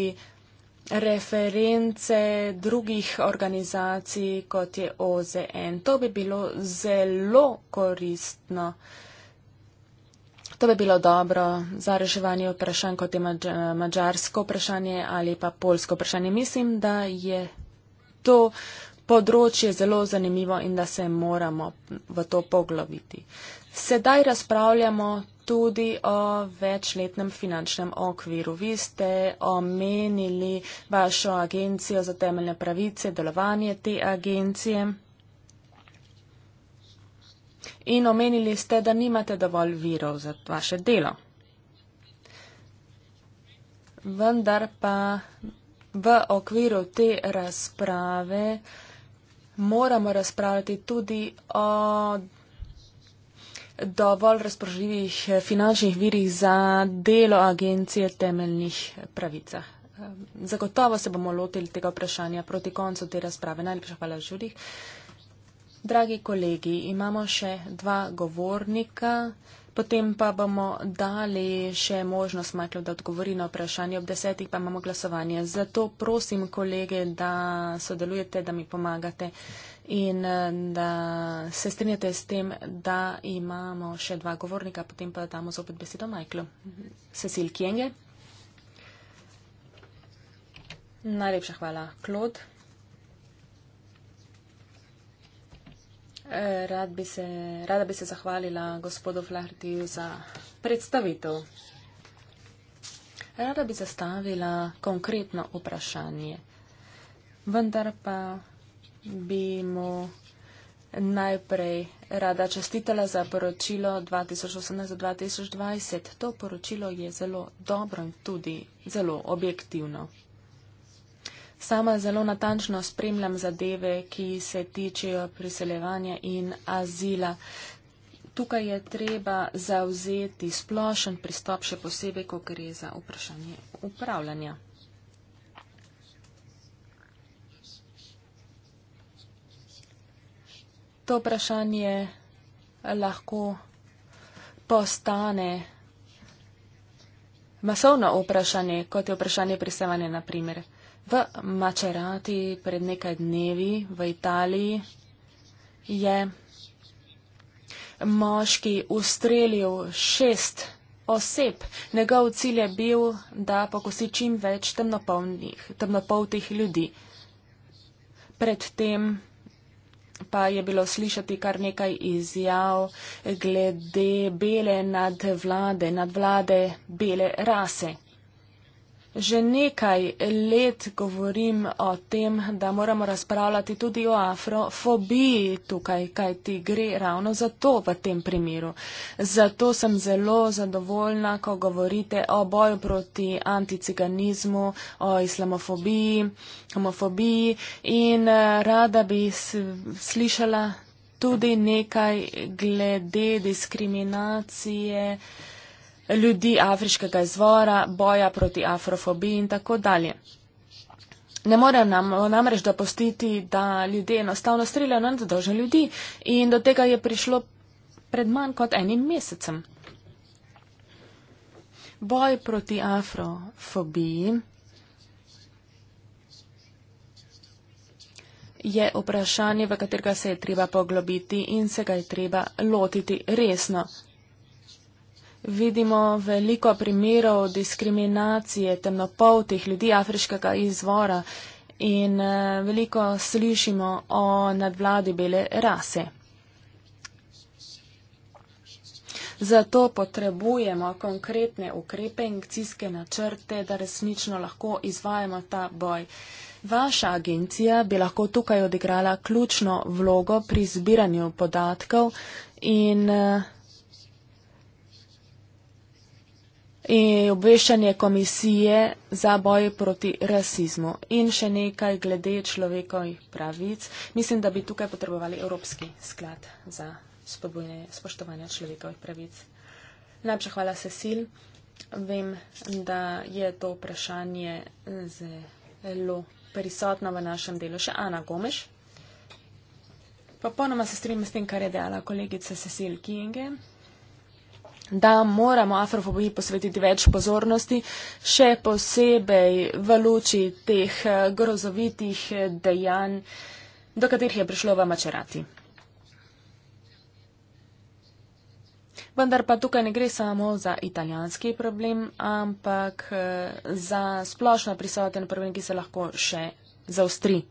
reference drugih organizacij, kot je OZN. To bi bilo zelo koristno. To bi bilo dobro za reševanje vprašanj, kot je mađarsko vprašanje ali pa polsko vprašanje. Mislim, da je to področje zelo zanimivo in da se moramo v to poglobiti. Sedaj razpravljamo tudi o večletnem finančnem okviru. Vi ste omenili vašo agencijo za temeljne pravice, delovanje te agencije in omenili ste, da nimate dovolj virov za vaše delo. Vendar pa v okviru te razprave moramo razpravljati tudi o dovolj razpoložljivih eh, finančnih virih za delo agencije temeljnih pravicah. Ehm, zagotovo se bomo lotili tega vprašanja proti koncu te razprave. Najlepša hvala, Žurih. Dragi kolegi, imamo še dva govornika, potem pa bomo dali še možnost Maklu, da odgovori na vprašanje. Ob desetih pa imamo glasovanje. Zato prosim kolege, da sodelujete, da mi pomagate in eh, da se strinjate s tem, da imamo še dva govornika, potem pa damo zopet besedo Maklu. Cecil Kienge. Najlepša hvala, Klod. Eh, rad bi se, rada bi se zahvalila gospodu Flahrtiju za predstavitev. Rada bi zastavila konkretno vprašanje, vendar pa bi mu najprej rada čestitela za poročilo 2018-2020. To poročilo je zelo dobro in tudi zelo objektivno. Sama zelo natančno spremljam zadeve, ki se tičejo priseljevanja in azila. Tukaj je treba zauzeti splošen pristop, še posebej, ko gre za vprašanje upravljanja. To vprašanje lahko postane masovno vprašanje, kot je vprašanje priseljevanja, naprimer. V Macerati pred nekaj dnevi v Italiji je moški ustrelil šest oseb. Njegov cilj je bil, da pokosi čim več temnopoltih ljudi. Predtem pa je bilo slišati kar nekaj izjav glede bele nadvlade, nadvlade bele rase. Že nekaj let govorim o tem, da moramo razpravljati tudi o afrofobiji tukaj, kaj ti gre ravno za to v tem primeru. Zato sem zelo zadovoljna, ko govorite o boju proti anticiganizmu, o islamofobiji, homofobiji in eh, rada bi slišala tudi nekaj glede diskriminacije ljudi afriškega izvora, boja proti afrofobiji in tako dalje. Ne morem nam, namreč dopustiti, da ljudje enostavno streljajo na nedožne ljudi in do tega je prišlo pred manj kot enim mesecem. Boj proti afrofobiji je vprašanje, v katerega se je treba poglobiti in se ga je treba lotiti resno vidimo veliko primerov diskriminacije temnopoltih ljudi afriškega izvora in eh, veliko slišimo o nadvladi bele rase. Zato potrebujemo konkretne ukrepe in akcijske načrte, da resnično lahko izvajamo ta boj. Vaša agencija bi lahko tukaj odigrala ključno vlogo pri zbiranju podatkov in uh, in obveščanje komisije za boj proti rasizmu. In še nekaj glede človekovih pravic. Mislim, da bi tukaj potrebovali Evropski sklad za spoštovanje človekovih pravic. Najlepša hvala, Cecil. Vem, da je to vprašanje zelo prisotno v našem delu. Še Ana Gomeš. Popolnoma se strinjam s tem, kar je dejala kolegica Cecil Kienge da moramo afrofobiji posvetiti več pozornosti, še posebej v luči teh eh, grozovitih eh, dejanj, do katerih je prišlo v Mačerati. Vendar pa tukaj ne gre samo za italijanski problem, ampak eh, za splošno prisoten problem, ki se lahko še zaustri.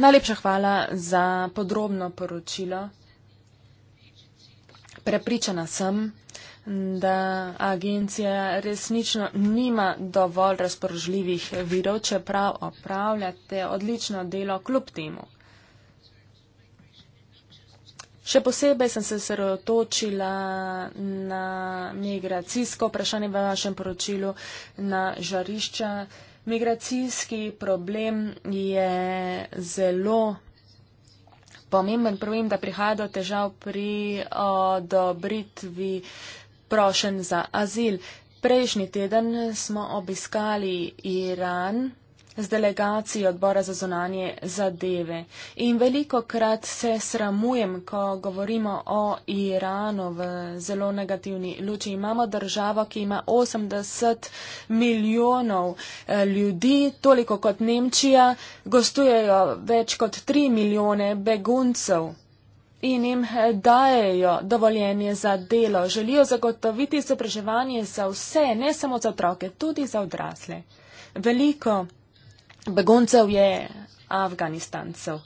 Najlepša hvala za podrobno poročilo. Prepričana sem, da agencija resnično nima dovolj razporožljivih virov, čeprav opravljate odlično delo kljub temu. Še posebej sem se sredotočila na migracijsko vprašanje v vašem poročilu na žarišča. Migracijski problem je zelo pomemben problem, da prihaja do težav pri odobritvi uh, prošen za azil. Prejšnji teden smo obiskali Iran z delegacijo odbora za zonanje zadeve. In veliko krat se sramujem, ko govorimo o Iranu v zelo negativni luči. Imamo državo, ki ima 80 milijonov eh, ljudi, toliko kot Nemčija, gostujejo več kot 3 milijone beguncev in jim eh, dajejo dovoljenje za delo, želijo zagotoviti izobraževanje za vse, ne samo za otroke, tudi za odrasle. Veliko beguncev je Afganistancev.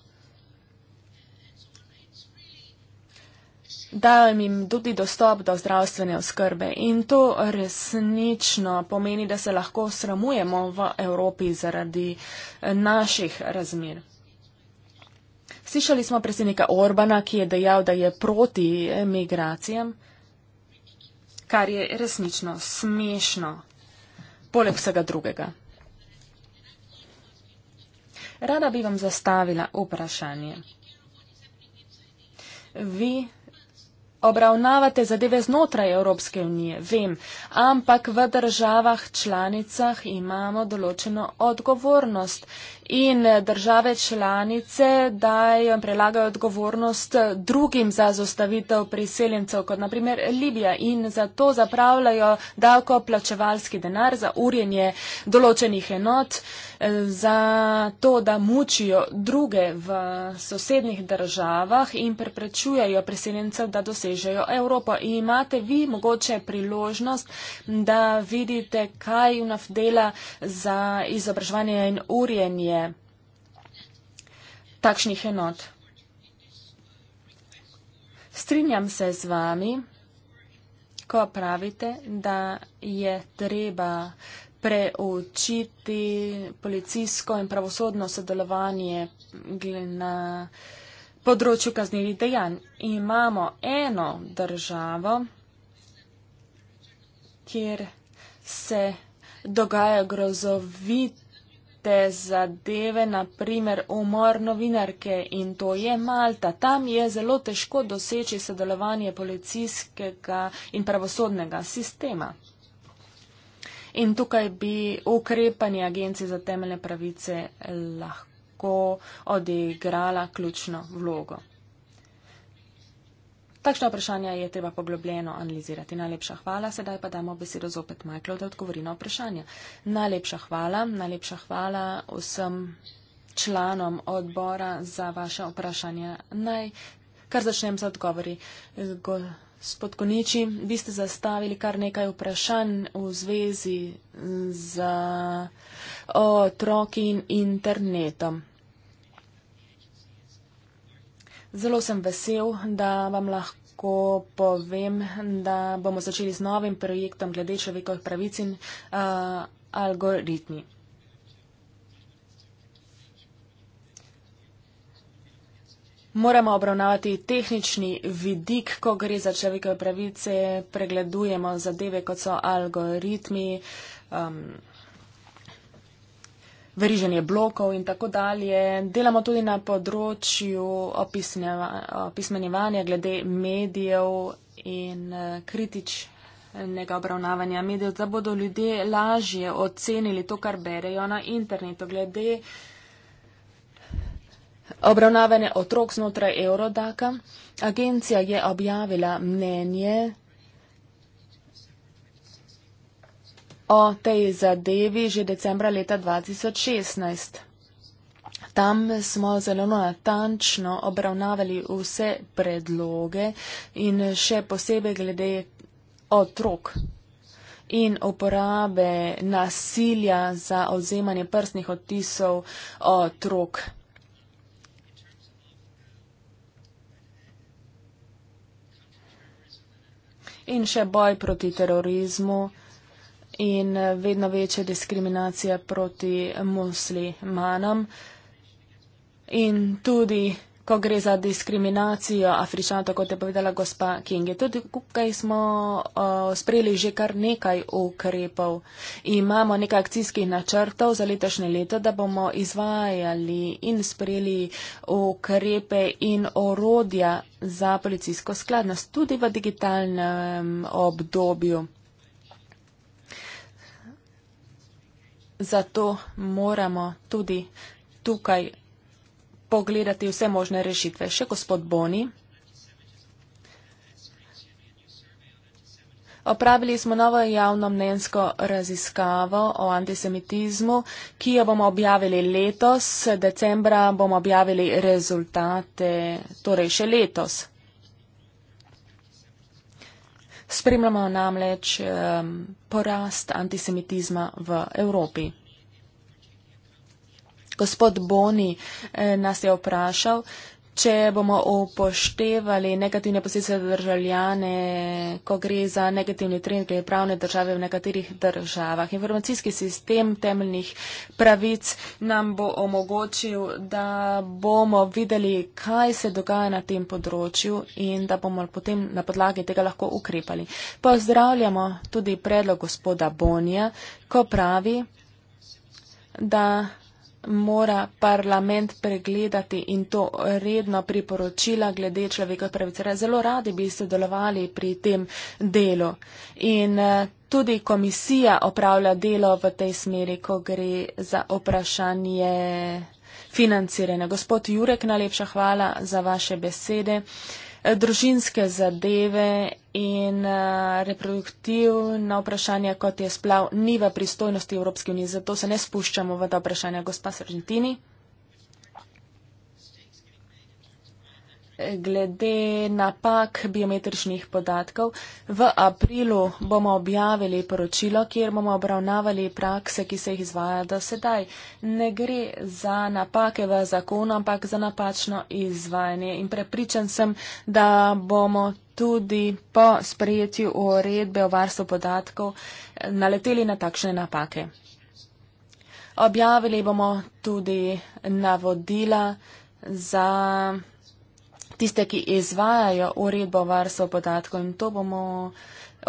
Dajo jim tudi dostop do zdravstvene oskrbe in to resnično pomeni, da se lahko sramujemo v Evropi zaradi eh, naših razmer. Slišali smo predsednika Orbana, ki je dejal, da je proti migracijam, kar je resnično smešno, poleg vsega drugega. Rada bi vam zastavila vprašanje. Vi obravnavate zadeve znotraj Evropske unije, vem, ampak v državah članicah imamo določeno odgovornost in države članice dajo in prelagajo odgovornost drugim za zostavitev priseljencev, kot naprimer Libija in zato zapravljajo davkoplačevalski denar za urjenje določenih enot, eh, za to, da mučijo druge v sosednjih državah in preprečujejo priseljencev, da dosežejo Evropo. In imate vi mogoče priložnost, da vidite, kaj UNAF dela za izobraževanje in urjenje takšnih enot. Strinjam se z vami, ko pravite, da je treba preučiti policijsko in pravosodno sodelovanje na področju kaznjivih dejanj. Imamo eno državo, kjer se dogaja grozovit te zadeve, naprimer umor novinarke in to je Malta. Tam je zelo težko doseči sodelovanje policijskega in pravosodnega sistema. In tukaj bi ukrepanje Agencije za temeljne pravice lahko odigrala ključno vlogo. Takšno vprašanje je treba poglobljeno analizirati. Najlepša hvala, sedaj pa damo besedo zopet Majklo, da odgovori na vprašanje. Najlepša hvala, najlepša hvala vsem članom odbora za vaše vprašanje. Naj kar začnem z odgovori. Gospod Koniči, vi ste zastavili kar nekaj vprašanj v zvezi z otroki in internetom. Zelo sem vesel, da vam lahko povem, da bomo začeli z novim projektom glede človekovih pravic in uh, algoritmi. Moramo obravnavati tehnični vidik, ko gre za človekove pravice, pregledujemo zadeve, kot so algoritmi. Um, veriženje blokov in tako dalje. Delamo tudi na področju opismenjevanja glede medijev in eh, kritičnega obravnavanja medijev, da bodo ljudje lažje ocenili to, kar berejo na internetu. Glede obravnavanja otrok znotraj Eurodaka, agencija je objavila mnenje, o tej zadevi že decembra leta 2016. Tam smo zelo natančno obravnavali vse predloge in še posebej glede otrok in uporabe nasilja za ozemanje prstnih odtisov otrok. In še boj proti terorizmu in eh, vedno večja diskriminacija proti muslimanom. In tudi, ko gre za diskriminacijo afričanov, tako je povedala gospa Kingi, tudi tukaj smo uh, sprejeli že kar nekaj ukrepov. Imamo nekaj akcijskih načrtov za letošnje leto, da bomo izvajali in sprejeli ukrepe in orodja za policijsko skladnost tudi v digitalnem eh, obdobju. zato moramo tudi tukaj pogledati vse možne rešitve. Še gospod Boni. Opravili smo novo javno mnenjsko raziskavo o antisemitizmu, ki jo bomo objavili letos. Decembra bomo objavili rezultate, torej še letos. Spremljamo namreč um, porast antisemitizma v Evropi. Gospod Boni eh, nas je vprašal, če bomo upoštevali negativne posledice državljane, ko gre za negativni trend, ki je pravne države v nekaterih državah. Informacijski sistem temeljnih pravic nam bo omogočil, da bomo videli, kaj se dogaja na tem področju in da bomo potem na podlagi tega lahko ukrepali. Pozdravljamo tudi predlog gospoda Bonija, ko pravi, da mora parlament pregledati in to redno priporočila glede človekovih pravic. Zelo radi bi sodelovali pri tem delu. In eh, tudi komisija opravlja delo v tej smeri, ko gre za vprašanje financiranja. Gospod Jurek, najlepša hvala za vaše besede. Eh, družinske zadeve in eh, reproduktivna vprašanja, kot je splav, ni v pristojnosti Evropske unije, zato se ne spuščamo v ta vprašanja, gospa Sargentini. glede napak biometričnih podatkov. V aprilu bomo objavili poročilo, kjer bomo obravnavali prakse, ki se jih izvaja do sedaj. Ne gre za napake v zakonu, ampak za napačno izvajanje. In prepričan sem, da bomo tudi po sprejetju uredbe o varstvu podatkov naleteli na takšne napake. Objavili bomo tudi navodila za tiste, ki izvajajo uredbo varstva podatkov in to bomo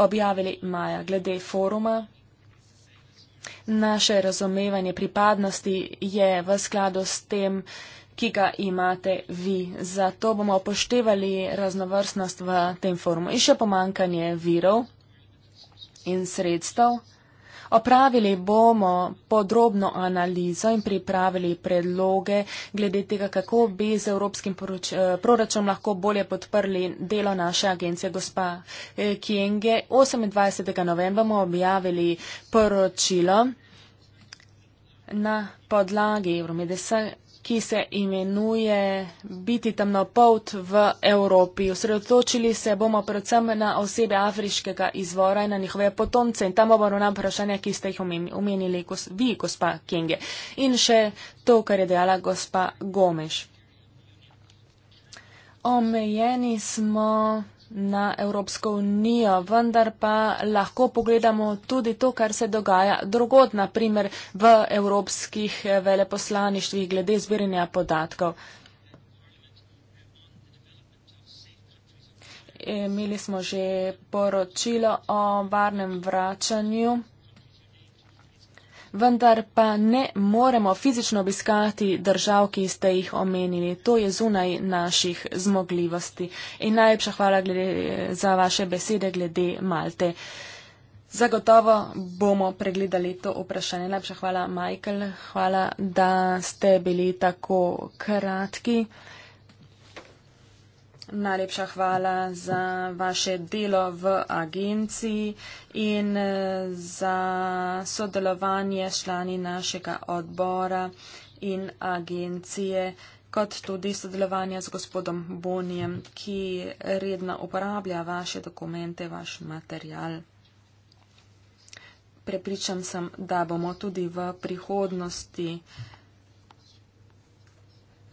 objavili maja. Glede foruma, naše razumevanje pripadnosti je v skladu s tem, ki ga imate vi. Zato bomo upoštevali raznovrstnost v tem forumu in še pomankanje virov in sredstev. Opravili bomo podrobno analizo in pripravili predloge glede tega, kako bi z evropskim eh, proračunom lahko bolje podprli delo naše agencije gospa eh, Kienge. 28. novembra bomo objavili poročilo na podlagi Euromedesa ki se imenuje biti temnopolt v Evropi. Osredotočili se bomo predvsem na osebe afriškega izvora in na njihove potomce in tam bomo ravnali vprašanja, ki ste jih omenili gos, vi, gospa Kinge. In še to, kar je dejala gospa Gomeš. Omejeni smo na Evropsko unijo, vendar pa lahko pogledamo tudi to, kar se dogaja drugod, naprimer v evropskih veleposlaništvih glede zbiranja podatkov. Imeli smo že poročilo o varnem vračanju vendar pa ne moremo fizično obiskati držav, ki ste jih omenili. To je zunaj naših zmogljivosti. In najlepša hvala glede, za vaše besede glede Malte. Zagotovo bomo pregledali to vprašanje. Najlepša hvala, Michael. Hvala, da ste bili tako kratki najlepša hvala za vaše delo v agenciji in eh, za sodelovanje člani našega odbora in agencije, kot tudi sodelovanje z gospodom Bonijem, ki redno uporablja vaše dokumente, vaš material. Prepričam sem, da bomo tudi v prihodnosti eh,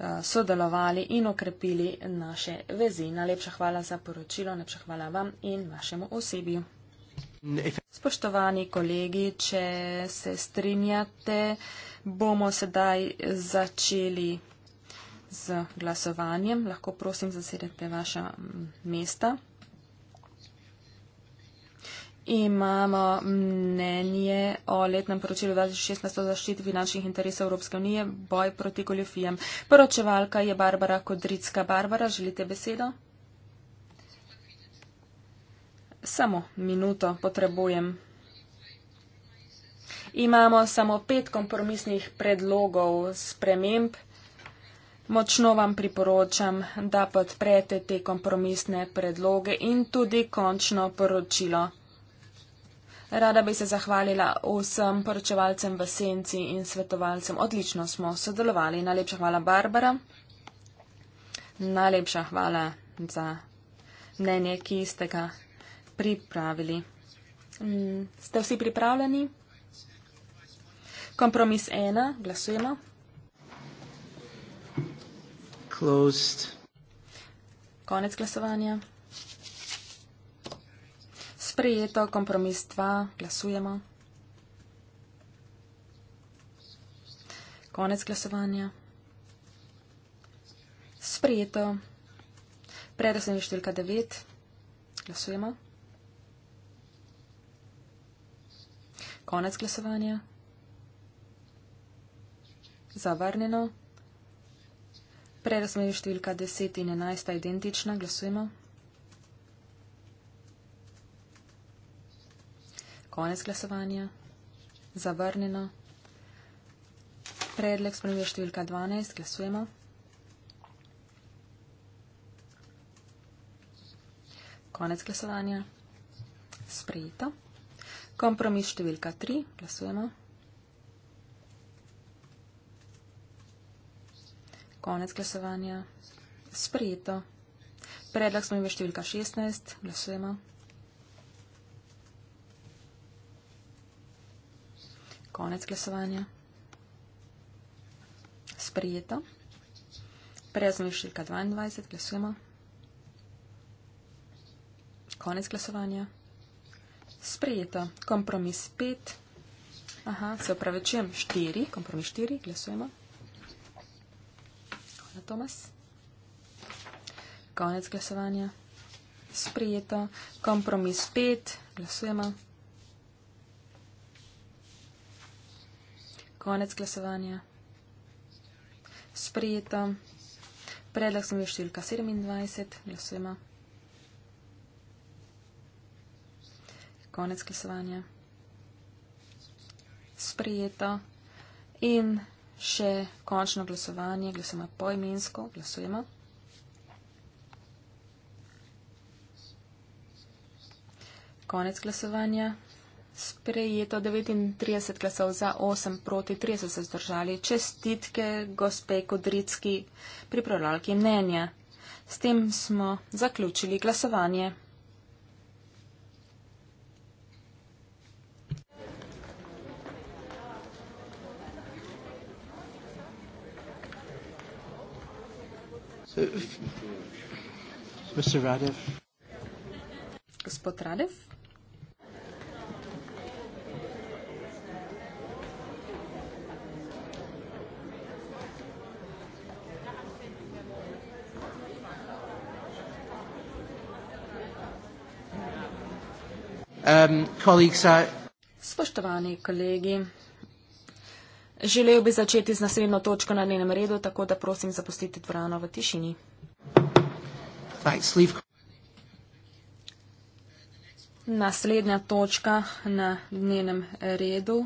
Eh, sodelovali in okrepili naše vezi. Najlepša hvala za poročilo, najlepša hvala vam in vašemu osebju. Spoštovani kolegi, če se strinjate, bomo sedaj začeli z glasovanjem. Lahko prosim, zasedete vaša mesta imamo mnenje o letnem poročilu 2016 o zaščiti finančnih interesov Evropske unije, boj proti goljofijam. Poročevalka je Barbara Kodricka. Barbara, želite besedo? Samo minuto potrebujem. Imamo samo pet kompromisnih predlogov sprememb. Močno vam priporočam, da podprete te kompromisne predloge in tudi končno poročilo. Rada bi se zahvalila vsem poročevalcem v senci in svetovalcem. Odlično smo sodelovali. Najlepša hvala, Barbara. Najlepša hvala za mnenje, ki ste ga pripravili. Mm, ste vsi pripravljeni? Kompromis ena, glasujemo. Closed. Konec glasovanja sprejeto, kompromis 2, glasujemo. Konec glasovanja. Sprejeto, predosebni številka 9, glasujemo. Konec glasovanja. Zavrnjeno. Predosebni številka 10 in 11 identična, glasujemo. Konec glasovanja. Zavrnjeno. Predlog spremembe številka 12. Glasujemo. Konec glasovanja. Sprejeto. Kompromis številka 3. Glasujemo. Konec glasovanja. Sprejeto. Predlog spremembe številka 16. Glasujemo. konec glasovanja. Sprijeto. Prejazno je šilka 22, glasujemo. Konec glasovanja. Sprijeto. Kompromis 5. Aha, se opravečujem, 4. Kompromis 4, glasujemo. Hvala, Tomas. Konec glasovanja. Sprijeto. Kompromis 5, glasujemo. konec glasovanja. Sprejeto. Predlog sem bil številka 27. Glasujemo. Konec glasovanja. Sprejeto. In še končno glasovanje. Glasujemo poimensko. Glasujemo. Konec glasovanja sprejeto 39 glasov za 8 proti 30 so zdržali. Čestitke gospe Kodricki pri prolalki mnenja. S tem smo zaključili glasovanje. Mr. Radev. Gospod Radev. Um, Spoštovani kolegi, želel bi začeti z naslednjo točko na njenem redu, tako da prosim zapustite dvorano v tišini. Naslednja točka na njenem redu.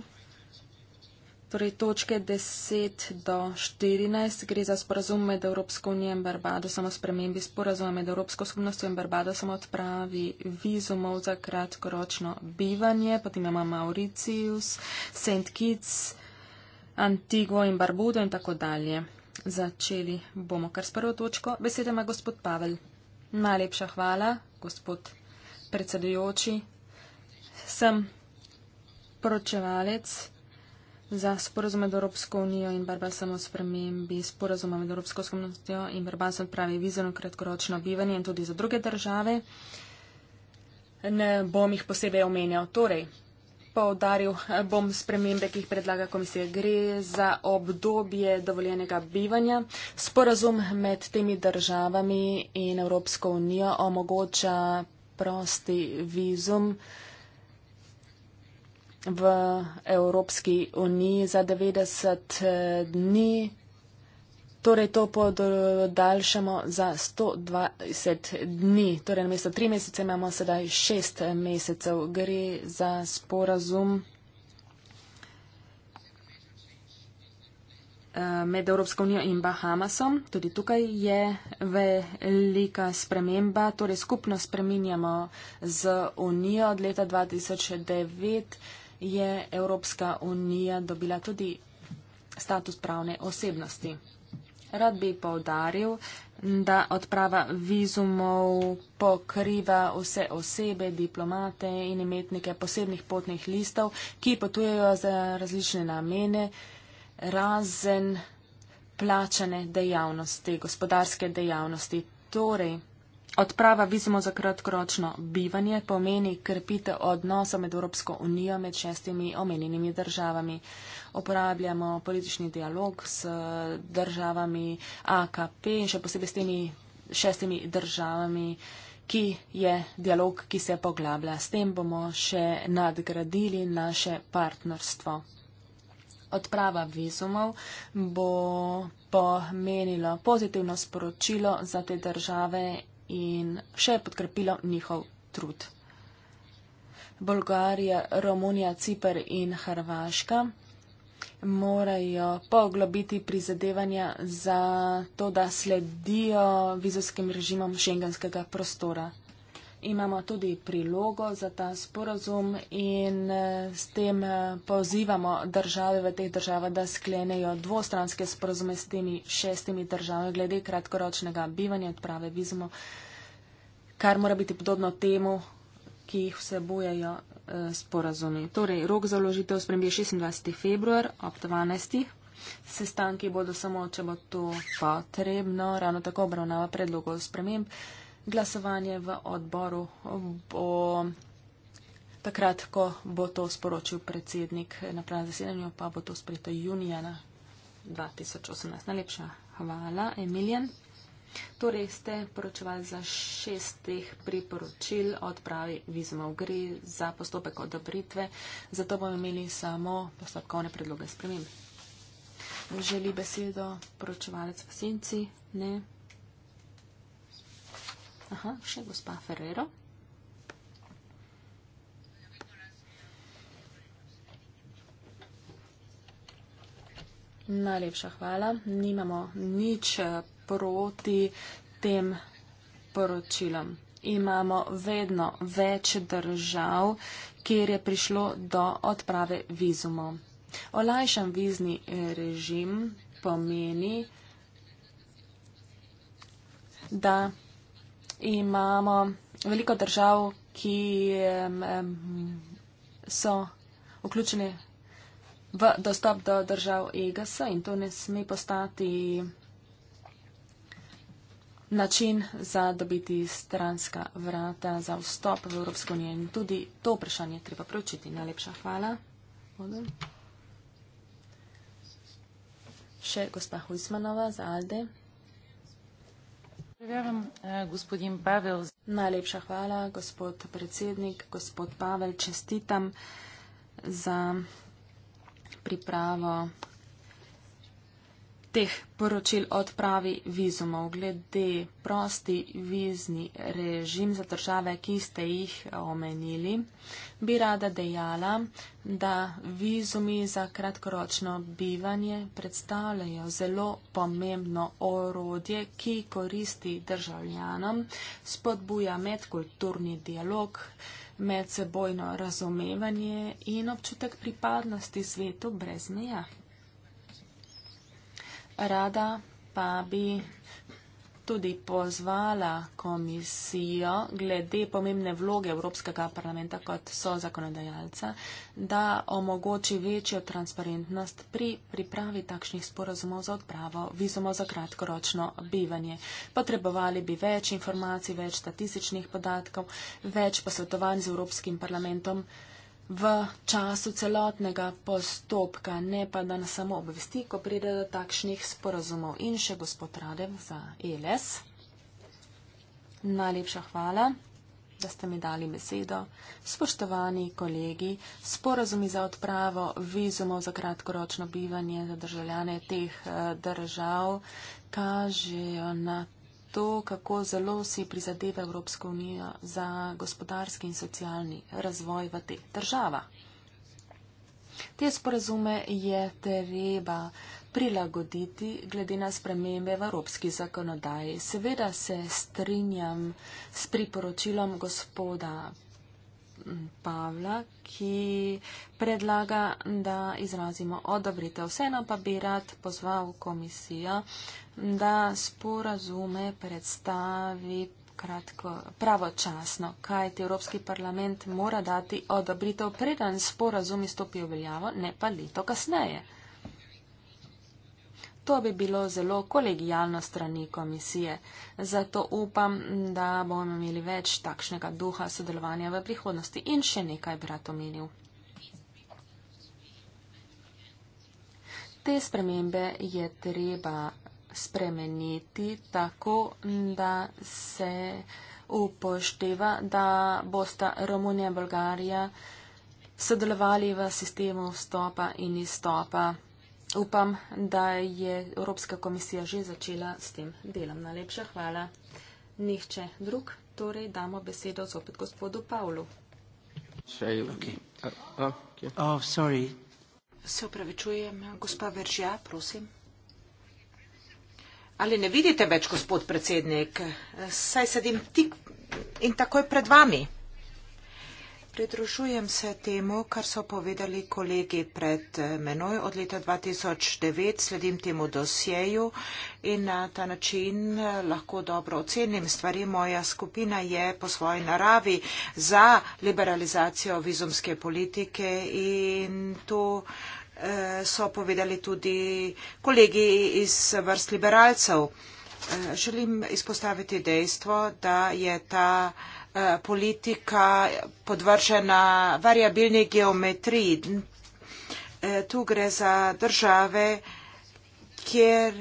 Torej, točke 10 do 14 gre za sporazum med Evropsko unijo in Barbadosom o spremembi sporazuma med Evropsko skupnostjo in Barbadosom o odpravi vizumov za kratkoročno bivanje. Potem imamo Mauricius, St. Kitts, Antiguo in Barbudo in tako dalje. Začeli bomo kar s prvo točko. Beseda ima gospod Pavel. Najlepša hvala, gospod predsedujoči. Sem poročevalec za sporozum med Evropsko unijo in Barbasom o spremembi sporozuma med Evropsko skupnostjo in Barbasom pravi vizum kratkoročno bivanje in tudi za druge države. Ne bom jih posebej omenjal. Torej, Poudaril bom spremembe, ki jih predlaga komisija. Gre za obdobje dovoljenega bivanja. Sporazum med temi državami in Evropsko unijo omogoča prosti vizum v Evropski uniji za 90 eh, dni, torej to podaljšamo za 120 dni, torej namesto tri mesece imamo sedaj šest eh, mesecev. Gre za sporazum eh, med Evropsko unijo in Bahamasom. Tudi tukaj je velika sprememba, torej skupno spreminjamo z unijo od leta 2009 je Evropska unija dobila tudi status pravne osebnosti. Rad bi povdaril, da odprava vizumov pokriva vse osebe, diplomate in imetnike posebnih potnih listov, ki potujejo za različne namene, razen plačane dejavnosti, gospodarske dejavnosti. Torej, Odprava vizumov za kratkoročno bivanje pomeni krepitev odnosa med Evropsko unijo in med šestimi omenjenimi državami. Opravljamo politični dialog s državami AKP in še posebej s temi šestimi državami, ki je dialog, ki se poglablja. S tem bomo še nadgradili naše partnerstvo. Odprava vizumov bo pomenilo pozitivno sporočilo za te države in še podkrepilo njihov trud. Bolgarija, Romunija, Cipr in Hrvaška morajo poglobiti prizadevanja za to, da sledijo vizovskim režimom šengenskega prostora. Imamo tudi prilogo za ta sporozum in eh, s tem eh, pozivamo države v teh državah, da sklenejo dvostranske sporozume s temi šestimi državami glede kratkoročnega bivanja, odprave vizumov kar mora biti podobno temu, ki jih vsebujejo eh, sporazumi. Torej, rok za vložitev spremlje 26. februar ob 12. Sestanki bodo samo, če bo to potrebno, ravno tako obravnava predlogov sprememb. Glasovanje v odboru bo takrat, ko bo to sporočil predsednik na pravnem zasedanju, pa bo to sprejeto junija 2018. Najlepša hvala, Emilijan. Torej ste poročevali za šest teh priporočil odpravi vizumov gre za postopek odobritve, zato bomo imeli samo postopkovne predloge sprememb. Želi besedo poročevalec v senci? Ne. Aha, še gospa Ferrero. Najlepša hvala. Nimamo nič proti tem poročilom. Imamo vedno več držav, kjer je prišlo do odprave vizumov. Olajšan vizni režim pomeni, da imamo veliko držav, ki so vključene v dostop do držav EGS in to ne sme postati način za dobiti stranska vrata za vstop v Evropsko unijo in tudi to vprašanje treba preučiti. Najlepša hvala. Odem. Še gospa Huizmanova za Alde. Eh, Najlepša hvala, gospod predsednik, gospod Pavel, čestitam za pripravo teh poročil odpravi vizumov, glede prosti vizni režim za države, ki ste jih omenili, bi rada dejala, da vizumi za kratkoročno bivanje predstavljajo zelo pomembno orodje, ki koristi državljanom, spodbuja medkulturni dialog, medsebojno razumevanje in občutek pripadnosti svetu brez meja rada pa bi tudi pozvala komisijo glede pomembne vloge Evropskega parlamenta kot so zakonodajalca, da omogoči večjo transparentnost pri pripravi takšnih sporozumov za odpravo vizumo za kratkoročno bivanje. Potrebovali bi več informacij, več statističnih podatkov, več posvetovanj z Evropskim parlamentom v času celotnega postopka, ne pa da nas samo obvesti, ko pride do takšnih sporazumov. In še gospod Radev za ELS. Najlepša hvala, da ste mi dali besedo. Spoštovani kolegi, sporazumi za odpravo vizumov za kratkoročno bivanje za državljane teh eh, držav kažejo na to, to, kako zelo si prizadeva Evropsko unijo za gospodarski in socialni razvoj v teh državah. Te sporazume je treba prilagoditi glede na spremembe v evropski zakonodaji. Seveda se strinjam s priporočilom gospoda Pavla, ki predlaga, da izrazimo odobritev. Vseeno pa bi rad pozval komisijo, da sporazume predstavi kratko, pravočasno, kaj ti Evropski parlament mora dati odobritev, preden sporazumi stopijo v veljavo, ne pa leto kasneje. To bi bilo zelo kolegijalno strani komisije. Zato upam, da bomo imeli več takšnega duha sodelovanja v prihodnosti. In še nekaj, brat omenil. Te spremembe je treba spremeniti tako, da se upošteva, da bosta Romunija in Bolgarija sodelovali v sistemu vstopa in izstopa upam, da je Evropska komisija že začela s tem delom. Najlepša hvala. Nihče drug. Torej, damo besedo zopet gospodu Pavlu. Uh, oh, Se upravičujem, gospa Veržja, prosim. Ali ne vidite več, gospod predsednik? Saj sedim tik in takoj pred vami. Pridružujem se temu, kar so povedali kolegi pred eh, menoj od leta 2009, sledim temu dosjeju in na ta način eh, lahko dobro ocenim stvari. Moja skupina je po svoji naravi za liberalizacijo vizumske politike in to eh, so povedali tudi kolegi iz vrst liberalcev. Želim izpostaviti dejstvo, da je ta Eh, politika podvržena variabilni geometriji. Eh, tu gre za države, kjer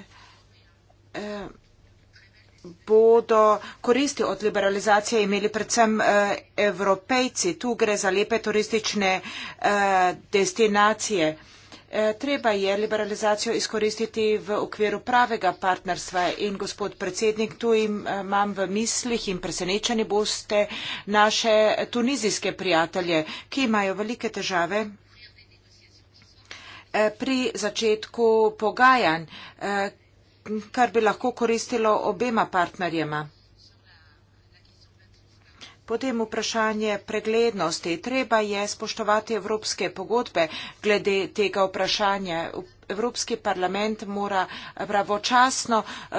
eh, bodo koristi od liberalizacije imeli predvsem evropejci. Tu gre za lepe turistične destinacije. Eh, treba je liberalizacijo izkoristiti v okviru pravega partnerstva in gospod predsednik, tu eh, imam v mislih in presenečeni boste naše tunizijske prijatelje, ki imajo velike težave eh, pri začetku pogajanj, kar bi lahko koristilo obema partnerjema. Potem vprašanje preglednosti. Treba je spoštovati evropske pogodbe glede tega vprašanja. Evropski parlament mora pravočasno eh,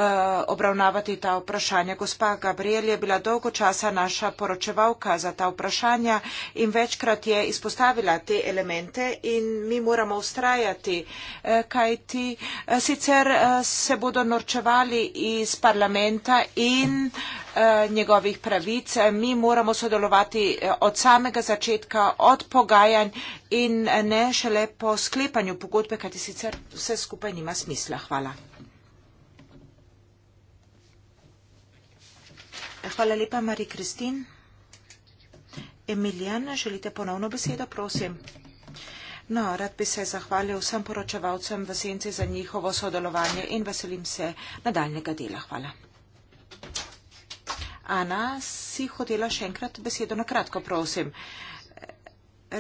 obravnavati ta vprašanja. Gospa Gabriel je bila dolgo časa naša poročevalka za ta vprašanja in večkrat je izpostavila te elemente in mi moramo ustrajati, eh, kaj ti eh, sicer se bodo norčevali iz parlamenta in Eh, njegovih pravic. Mi moramo sodelovati eh, od samega začetka, od pogajanj in eh, ne šele po sklepanju pogodbe, kajti sicer vse skupaj nima smisla. Hvala. Hvala lepa, Marij Kristin. Emilijan, želite ponovno besedo, prosim. No, rad bi se zahvalil vsem poročevalcem v Senci za njihovo sodelovanje in veselim se nadaljnega dela. Hvala. Ana, si hotela še enkrat besedo na kratko, prosim.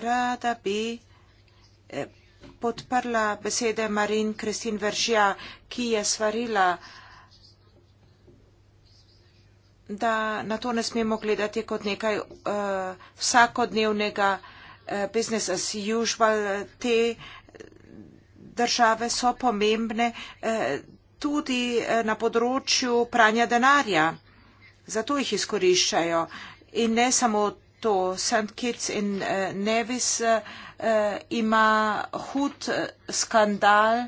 Rada bi eh, podprla besede Marin Kristin Veržja, ki je svarila, da na to ne smemo gledati kot nekaj uh, vsakodnevnega uh, business as usual. Te države so pomembne uh, tudi uh, na področju pranja denarja zato jih izkoriščajo. In ne samo to, St. Kitts in uh, Nevis uh, ima hud eh, skandal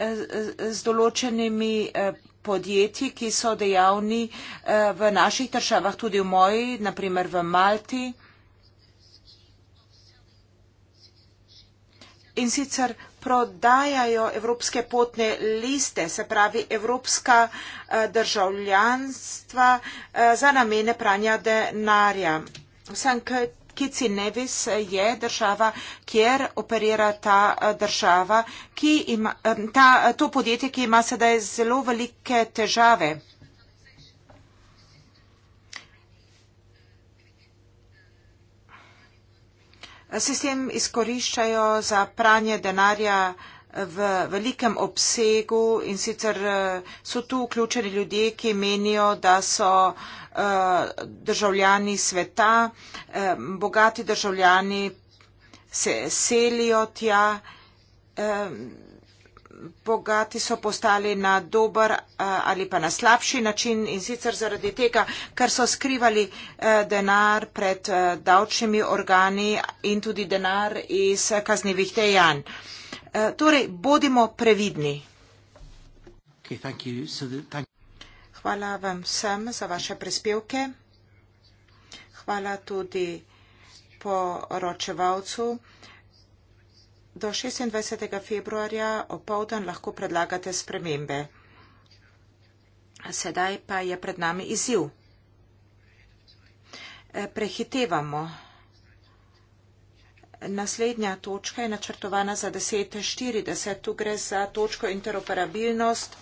z določenimi podjetji, ki so dejavni v naših državah, tudi v moji, naprimer v Malti. In sicer prodajajo evropske potne liste, se pravi evropska eh, državljanstva eh, za namene pranja denarja. Sankt Kici Nevis je država, kjer operira ta eh, država, ki ima, ta, to podjetje, ki ima sedaj zelo velike težave. Sistem izkoriščajo za pranje denarja v velikem obsegu in sicer eh, so tu vključeni ljudje, ki menijo, da so eh, državljani sveta, eh, bogati državljani se selijo tja bogati so postali na dober eh, ali pa na slabši način in sicer zaradi tega, ker so skrivali eh, denar pred eh, davčnimi organi in tudi denar iz kaznevih dejanj. Torej, bodimo previdni. Hvala vam vsem za vaše prispevke. Hvala tudi poročevalcu do 26. februarja opovdan lahko predlagate spremembe. Sedaj pa je pred nami izziv. E, prehitevamo. Naslednja točka je načrtovana za 10.40. Tu gre za točko interoperabilnost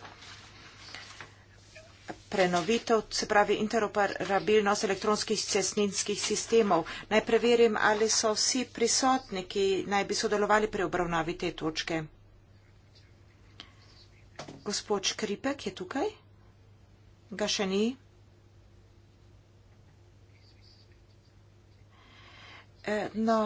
prenovitev, se pravi interoperabilnost elektronskih cestninskih sistemov. Naj preverim, ali so vsi prisotni, ki naj bi sodelovali pri obravnavi te točke. Gospod Škripek je tukaj? Ga še ni? E, no,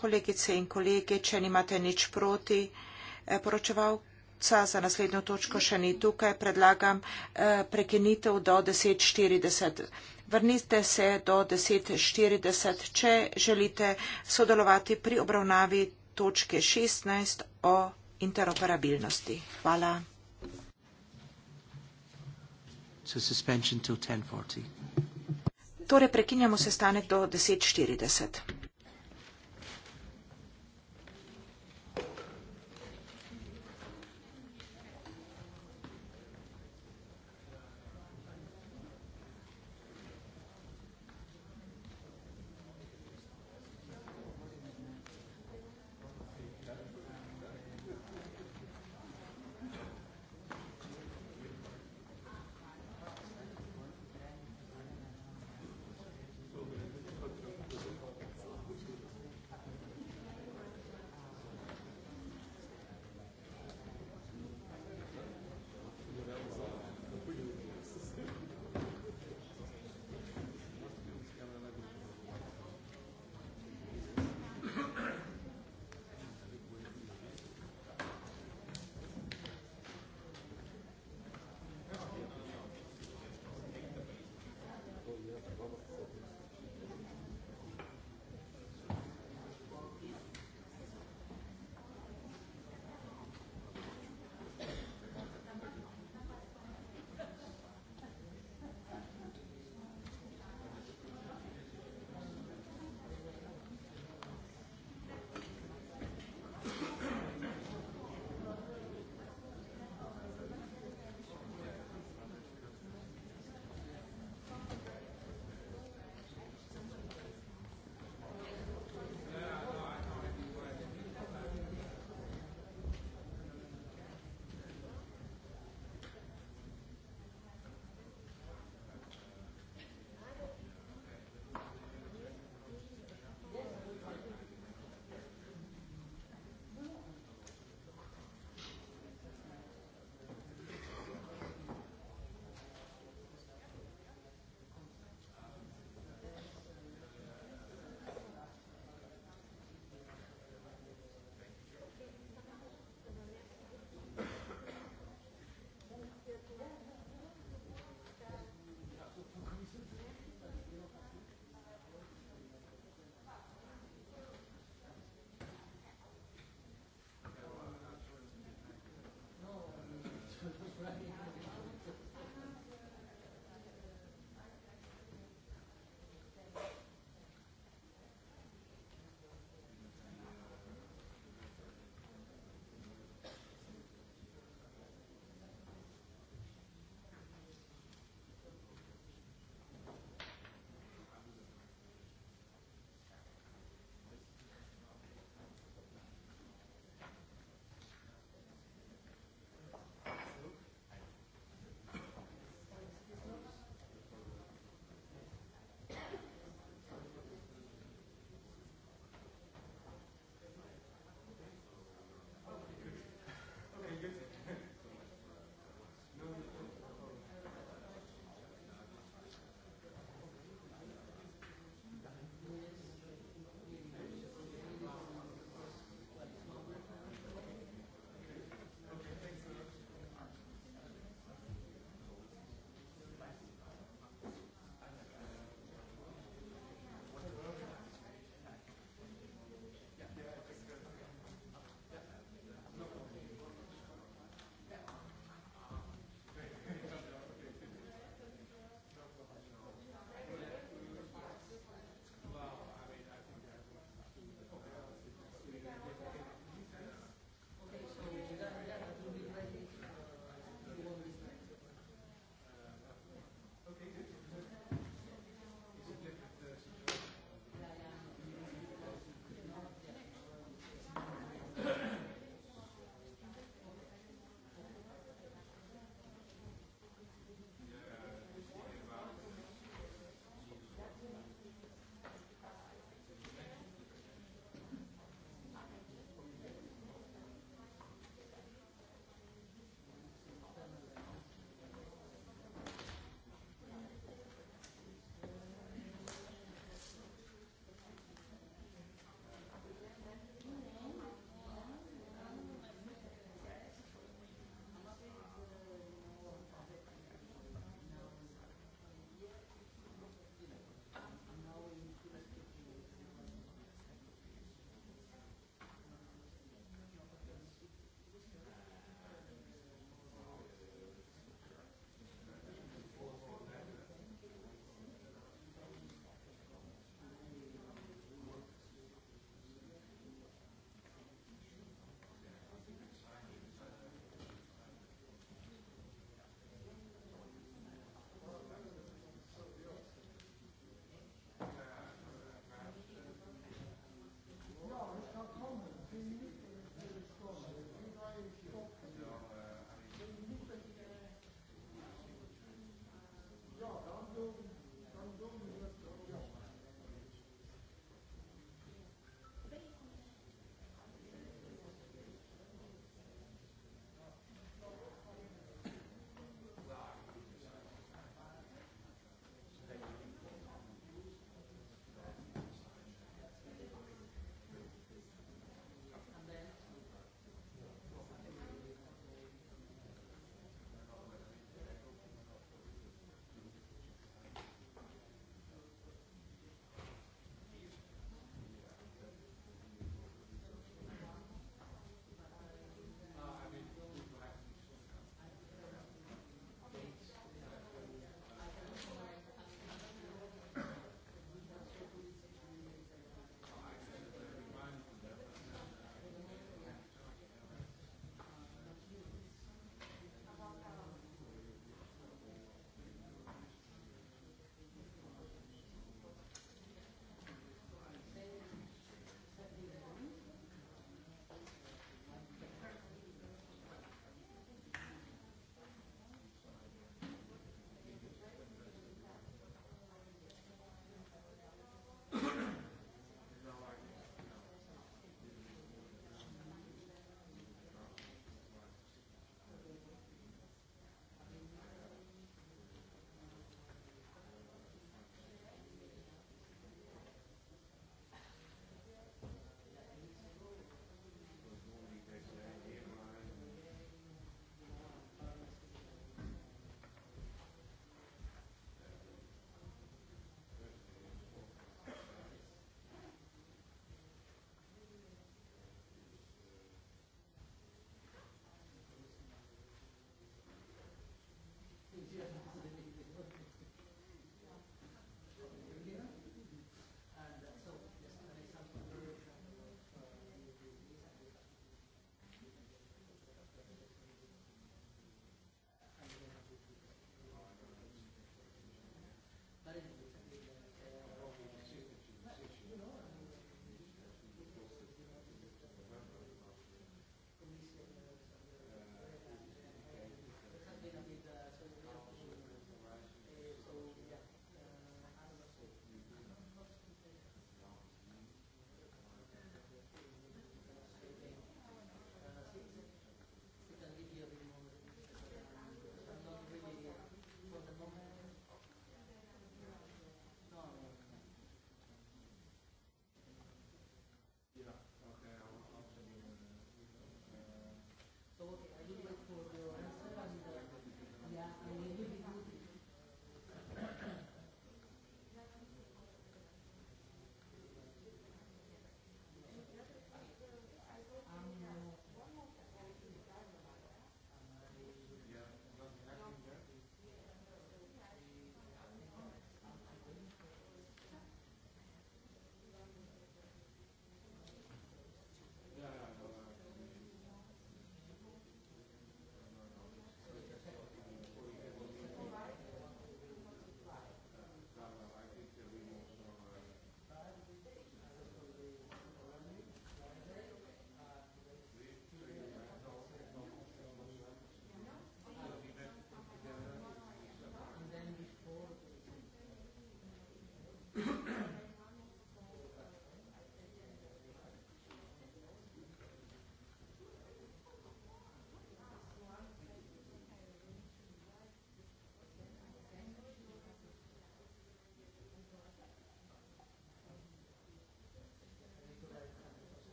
kolegice in kolege, če nimate nič proti, e, poročeval Ca za naslednjo točko še ni tukaj, predlagam eh, prekinitev do 10.40. Vrnite se do 10.40, če želite sodelovati pri obravnavi točke 16 o interoperabilnosti. Hvala. Torej prekinjamo sestanek do 10.40.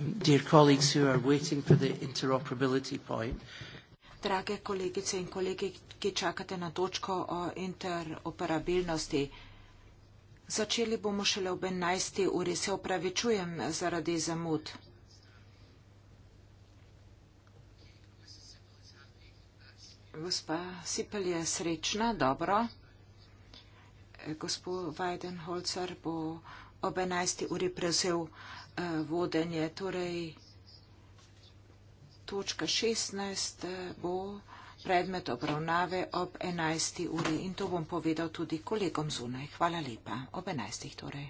Um, dear colleagues who are waiting for the interoperability point. Drage kolegice in kolegi, ki čakate na točko o interoperabilnosti, začeli bomo šele ob 11. uri, se opravičujem zaradi zamud. Gospa Sipel je srečna, dobro. Gospod Weidenholzer bo ob 11. uri prevzel uh, vodenje. Torej, točka 16 eh, bo predmet obravnave ob 11. uri in to bom povedal tudi kolegom zunaj. Hvala lepa. Ob 11. torej.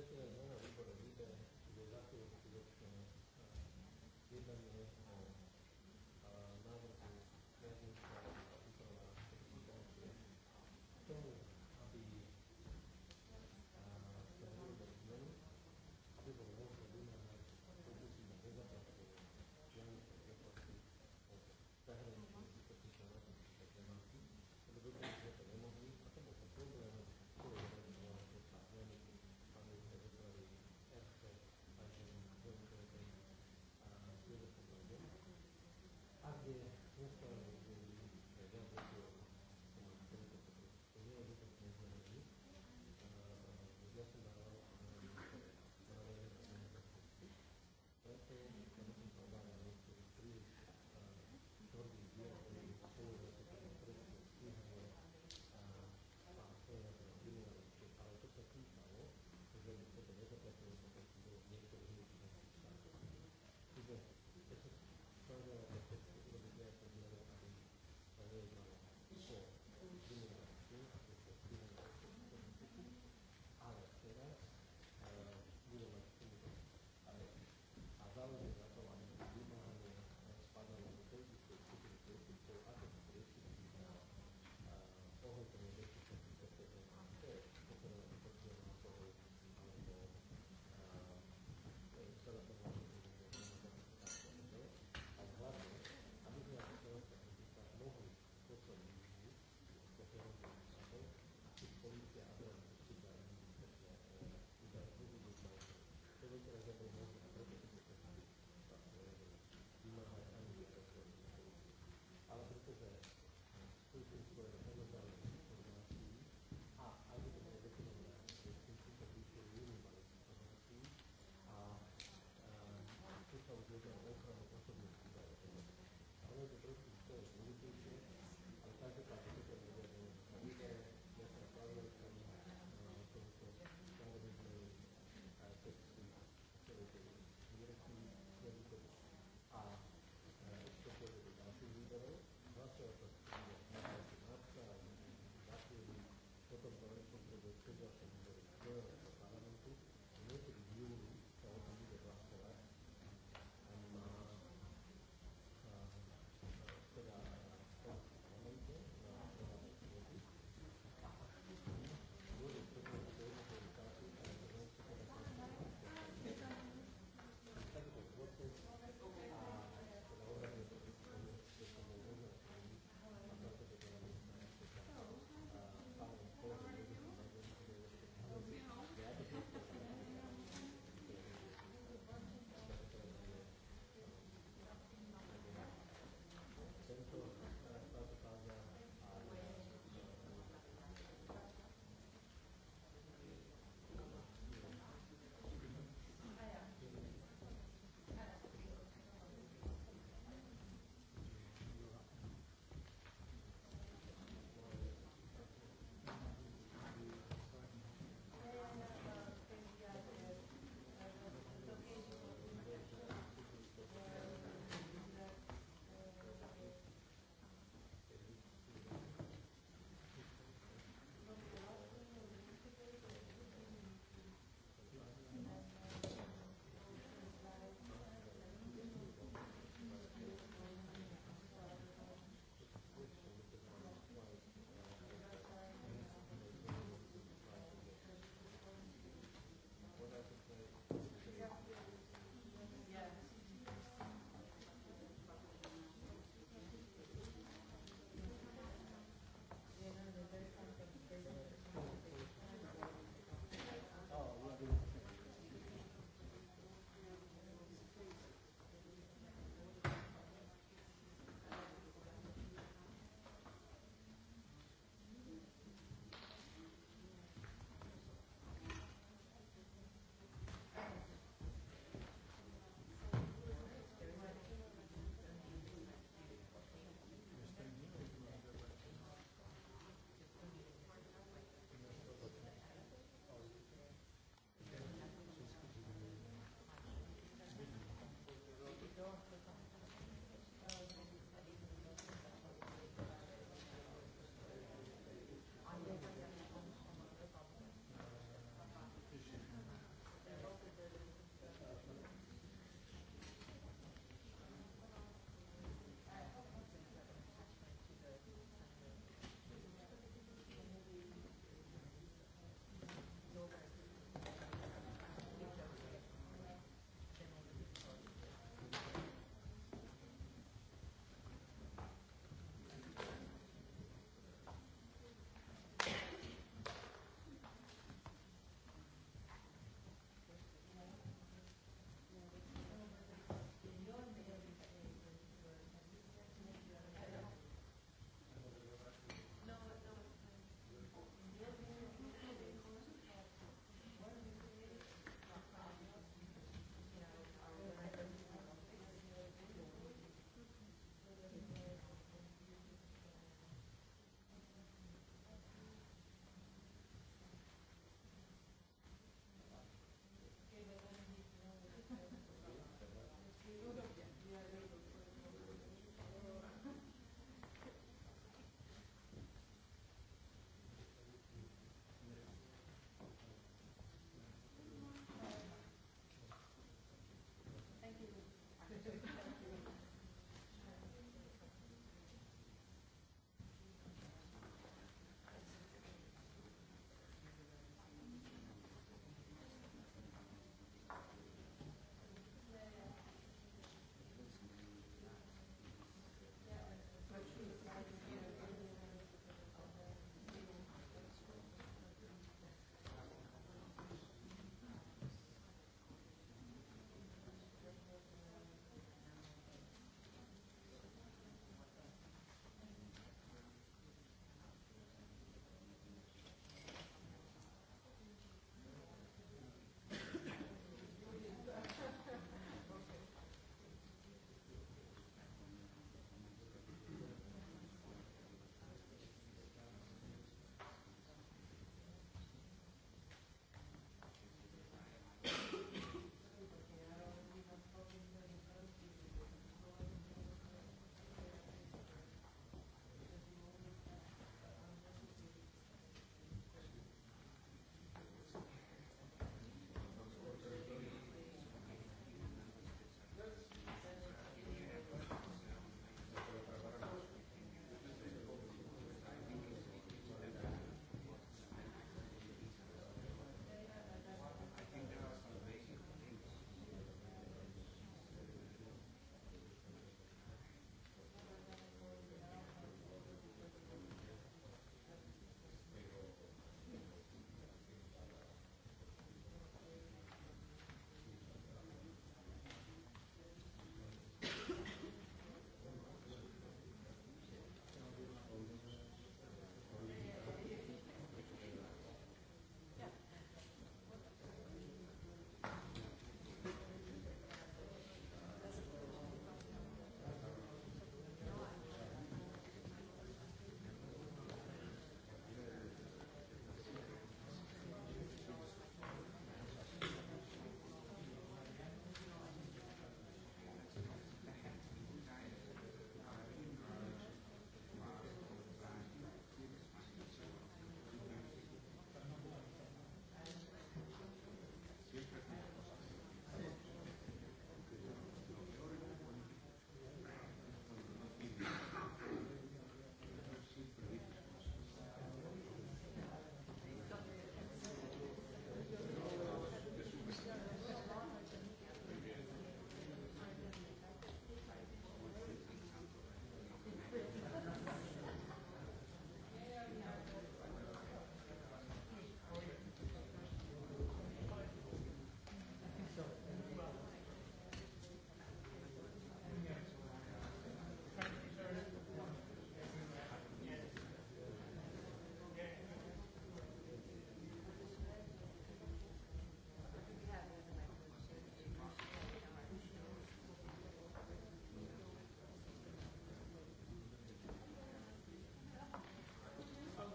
svetuje v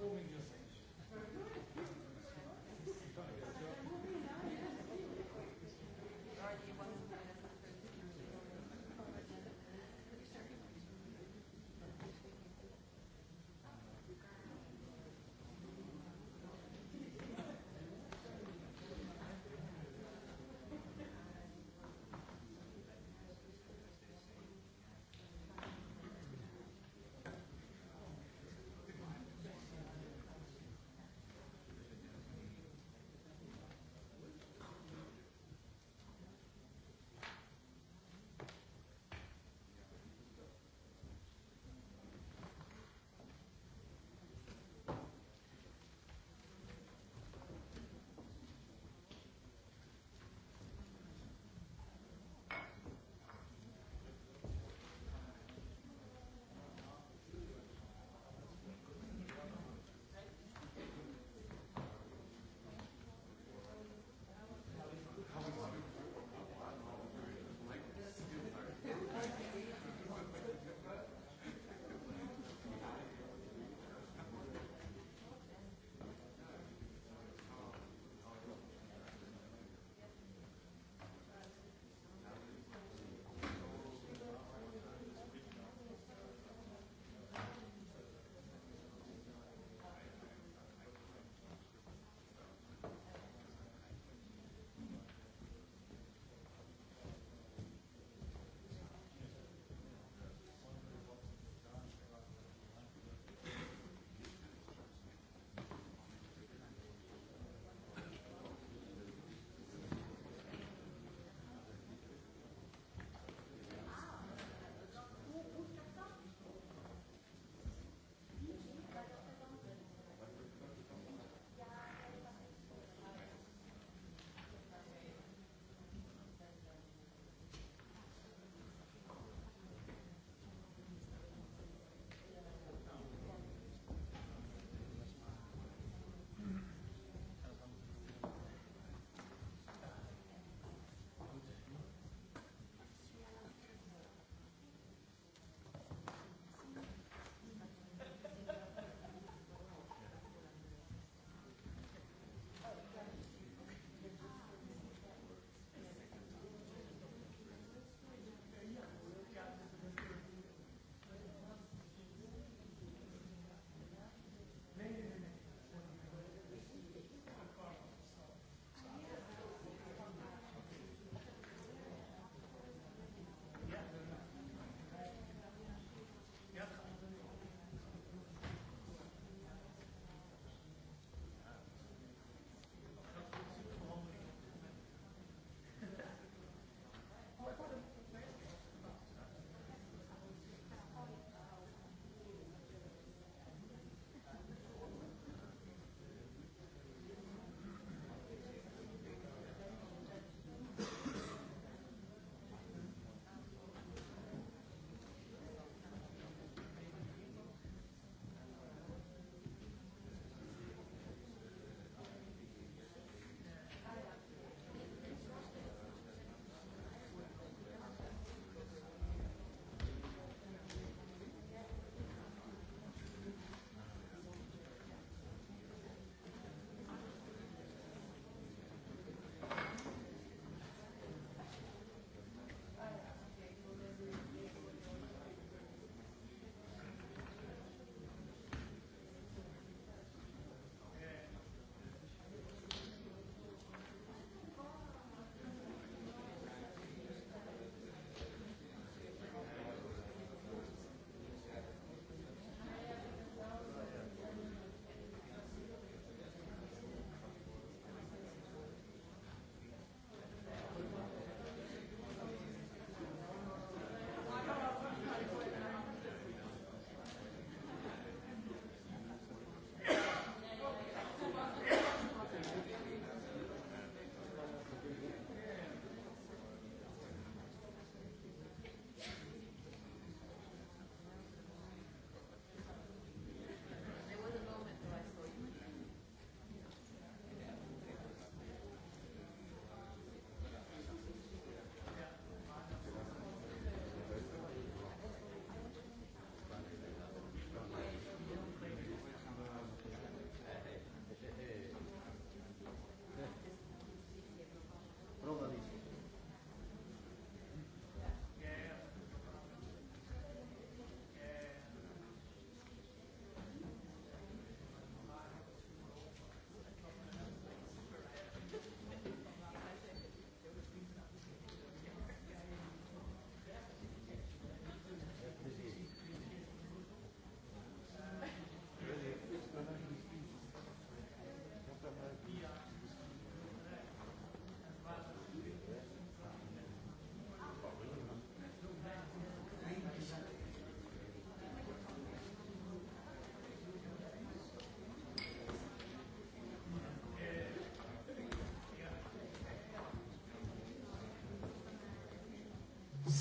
coming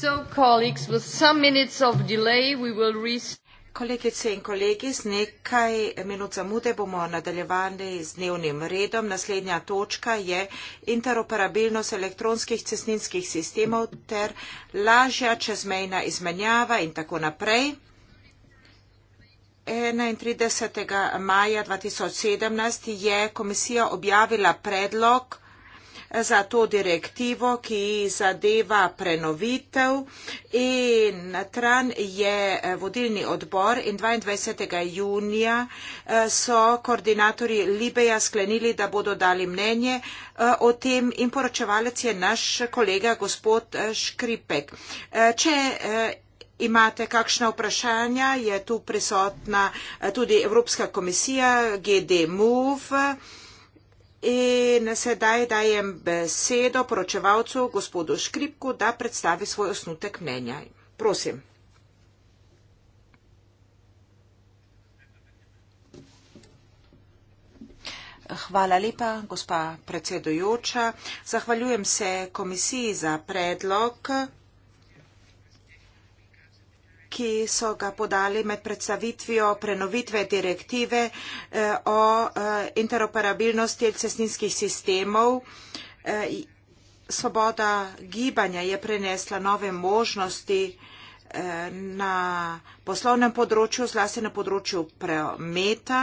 So, colleagues, with some minutes of delay, we will restart. Kolegice in kolegi, z nekaj minut zamude bomo nadaljevali z dnevnim redom. Naslednja točka je interoperabilnost elektronskih cestninskih sistemov ter lažja čezmejna izmenjava in tako naprej. 31. maja 2017 je komisija objavila predlog za to direktivo, ki zadeva prenovitev in tran je eh, vodilni odbor in 22. junija eh, so koordinatori Libeja sklenili, da bodo dali mnenje eh, o tem in poročevalec je naš kolega gospod Škripek. Če imate kakšna vprašanja, je tu prisotna tudi Evropska komisija GD Move. In sedaj dajem besedo poročevalcu gospodu Škripku, da predstavi svoj osnutek mnenja. Prosim. Hvala lepa, gospa predsedujoča. Zahvaljujem se komisiji za predlog ki so ga podali med predstavitvijo prenovitve direktive eh, o eh, interoperabilnosti cestninskih sistemov. Eh, svoboda gibanja je prinesla nove možnosti na poslovnem področju, zlasti na področju prometa.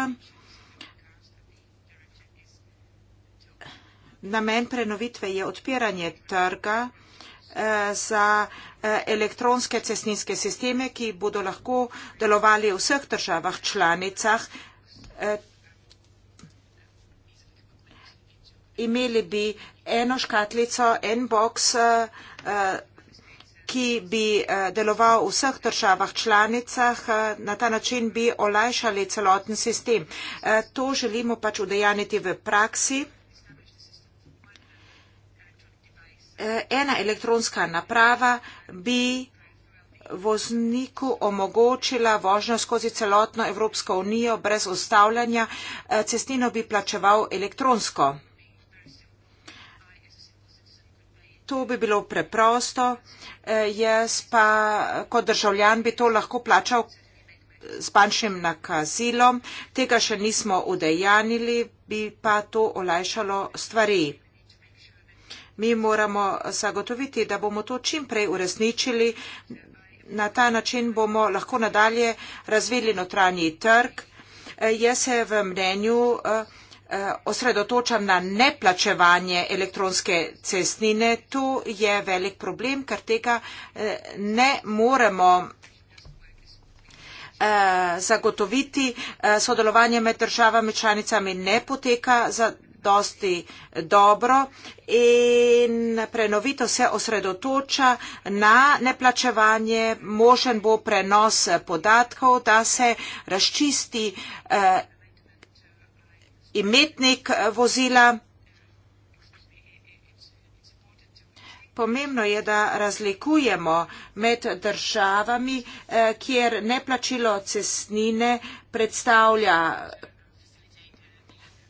Namen prenovitve je odpiranje trga. Eh, za eh, elektronske cestninske sisteme, ki bodo lahko delovali v vseh državah članicah. Eh, imeli bi eno škatlico, en boks, ki bi deloval v vseh državah članicah, na ta način bi olajšali celoten sistem. To želimo pač udejaniti v praksi. ena elektronska naprava bi vozniku omogočila vožnjo skozi celotno Evropsko unijo brez ustavljanja, e, cestnino bi plačeval elektronsko. To bi bilo preprosto, e, jaz pa kot državljan bi to lahko plačal s bančnim nakazilom, tega še nismo udejanili, bi pa to olajšalo stvari. Mi moramo zagotoviti, da bomo to čim prej uresničili. Na ta način bomo lahko nadalje razvili notranji trg. Eh, jaz se v mnenju eh, eh, osredotočam na neplačevanje elektronske cestnine. Tu je velik problem, ker tega ne moremo zagotoviti. Sodelovanje med državami članicami ne poteka. Za dosti dobro in prenovito se osredotoča na neplačevanje, možen bo prenos podatkov, da se razčisti eh, imetnik eh, vozila. Pomembno je, da razlikujemo med državami, eh, kjer neplačilo cestnine predstavlja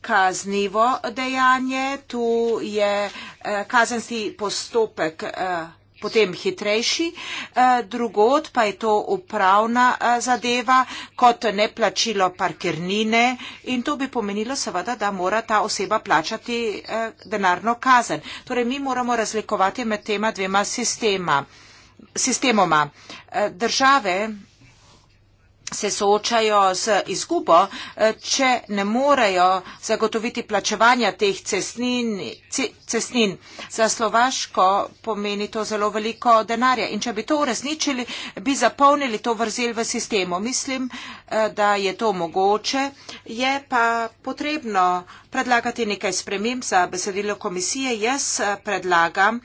kaznivo dejanje, tu je eh, kazenski postopek eh, potem hitrejši, eh, drugot pa je to upravna zadeva kot neplačilo parkirnine in to bi pomenilo seveda, da mora ta oseba plačati denarno kazen. Torej mi moramo razlikovati med tema dvema sistema, sistemoma. Države se soočajo z izgubo, eh, če ne morejo zagotoviti plačevanja teh cestnin, cestnin. Za Slovaško pomeni to zelo veliko denarja in če bi to uresničili, bi zapolnili to vrzel v sistemu. Mislim, eh, da je to mogoče, je pa potrebno predlagati nekaj sprememb za besedilo komisije. Jaz eh, predlagam,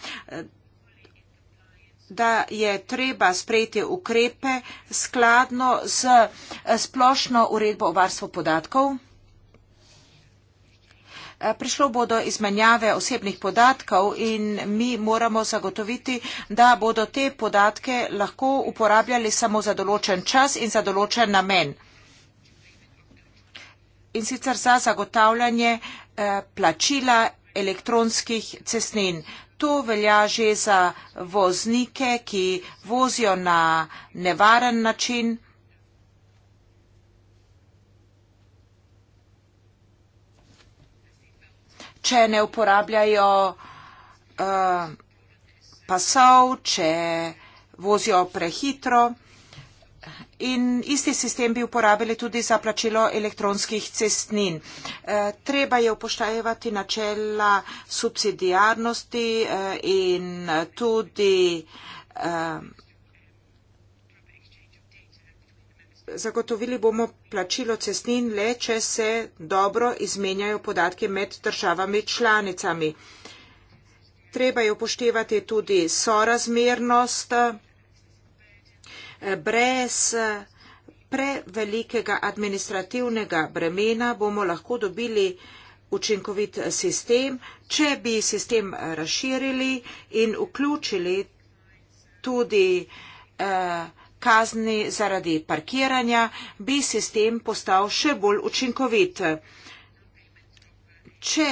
da je treba sprejeti ukrepe skladno z eh, splošno uredbo o varstvu podatkov. Eh, prišlo bo do izmenjave osebnih podatkov in mi moramo zagotoviti, da bodo te podatke lahko uporabljali samo za določen čas in za določen namen. In sicer za zagotavljanje eh, plačila elektronskih cestnin. To velja že za voznike, ki vozijo na nevaren način. Če ne uporabljajo uh, pasov, če vozijo prehitro. In isti sistem bi uporabili tudi za plačilo elektronskih cestnin. Eh, treba je upoštevati načela subsidijarnosti eh, in tudi eh, zagotovili bomo plačilo cestnin le, če se dobro izmenjajo podatke med državami članicami. Treba je upoštevati tudi sorazmernost brez prevelikega administrativnega bremena bomo lahko dobili učinkovit sistem, če bi sistem razširili in vključili tudi eh, kazni zaradi parkiranja, bi sistem postal še bolj učinkovit. Če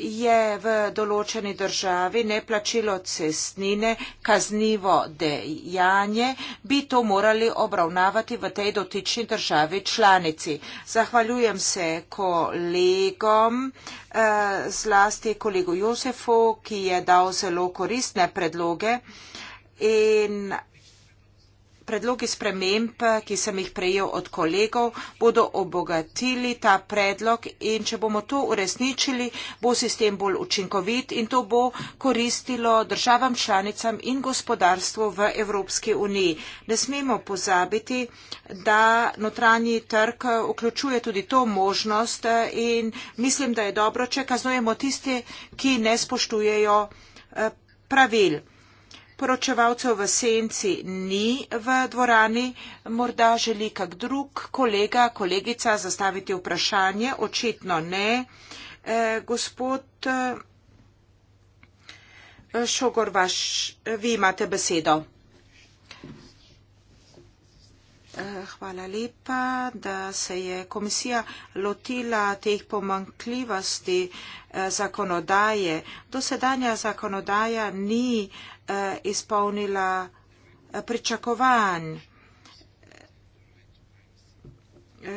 je v določeni državi neplačilo cestnine kaznivo dejanje, bi to morali obravnavati v tej dotični državi članici. Zahvaljujem se kolegom, eh, zlasti kolegu Josefu, ki je dal zelo koristne predloge in predlogi sprememb, ki sem jih prejel od kolegov, bodo obogatili ta predlog in če bomo to uresničili, bo sistem bolj učinkovit in to bo koristilo državam članicam in gospodarstvu v Evropski uniji. Ne smemo pozabiti, da notranji trg vključuje tudi to možnost in mislim, da je dobro, če kaznujemo tiste, ki ne spoštujejo eh, pravil poročevalcev v senci ni v dvorani. Morda želi kak drug kolega, kolegica zastaviti vprašanje. Očitno ne. E, gospod eh, Šogor, vaš, eh, vi imate besedo. Hvala lepa, da se je komisija lotila teh pomankljivosti zakonodaje. Dosedanja zakonodaja ni eh, Eh, izpolnila eh, pričakovanj.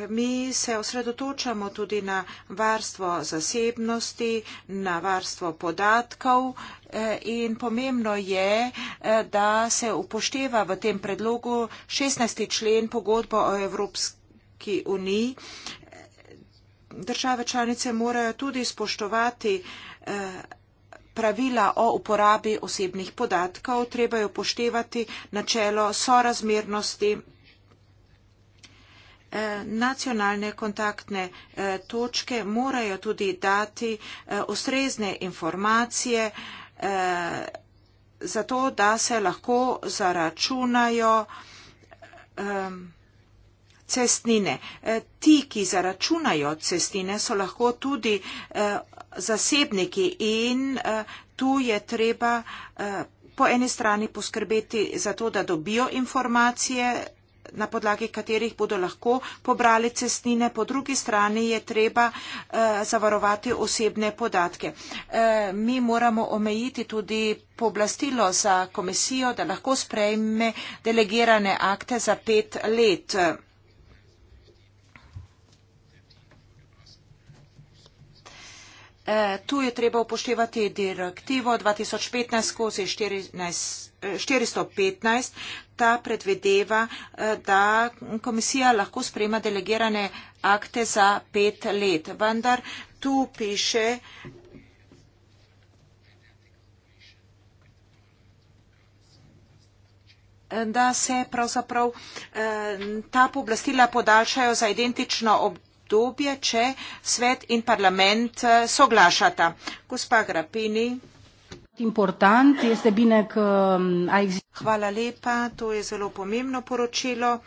Mi se osredotočamo tudi na varstvo zasebnosti, na varstvo podatkov eh, in pomembno je, da se upošteva v tem predlogu 16. člen pogodbo o Evropski uniji. Države članice morajo tudi spoštovati pravila o uporabi osebnih podatkov, treba je upoštevati načelo sorazmernosti eh, nacionalne kontaktne eh, točke morajo tudi dati eh, ustrezne informacije, zato da se lahko zaračunajo vsega cestnine. Eh, ti, ki zaračunajo cestnine, so lahko tudi eh, zasebniki in eh, tu je treba po eni strani poskrbeti za to, da dobijo informacije na podlagi katerih bodo lahko pobrali cestnine, po drugi strani je treba eh, zavarovati osebne podatke. Eh, mi moramo omejiti tudi pooblastilo za komisijo, da lahko sprejme delegirane akte za pet let. Eh, Eh, tu je treba upoštevati direktivo 2015 skozi 415. Eh, ta predvedeva, eh, da komisija lahko sprema delegirane akte za pet let. Vendar tu piše, da se pravzaprav ta poblastila podaljšajo za identično obdobje obdobje, če svet in parlament eh, soglašata. Gospa Grapini. Mm, Hvala lepa, to je zelo pomembno poročilo.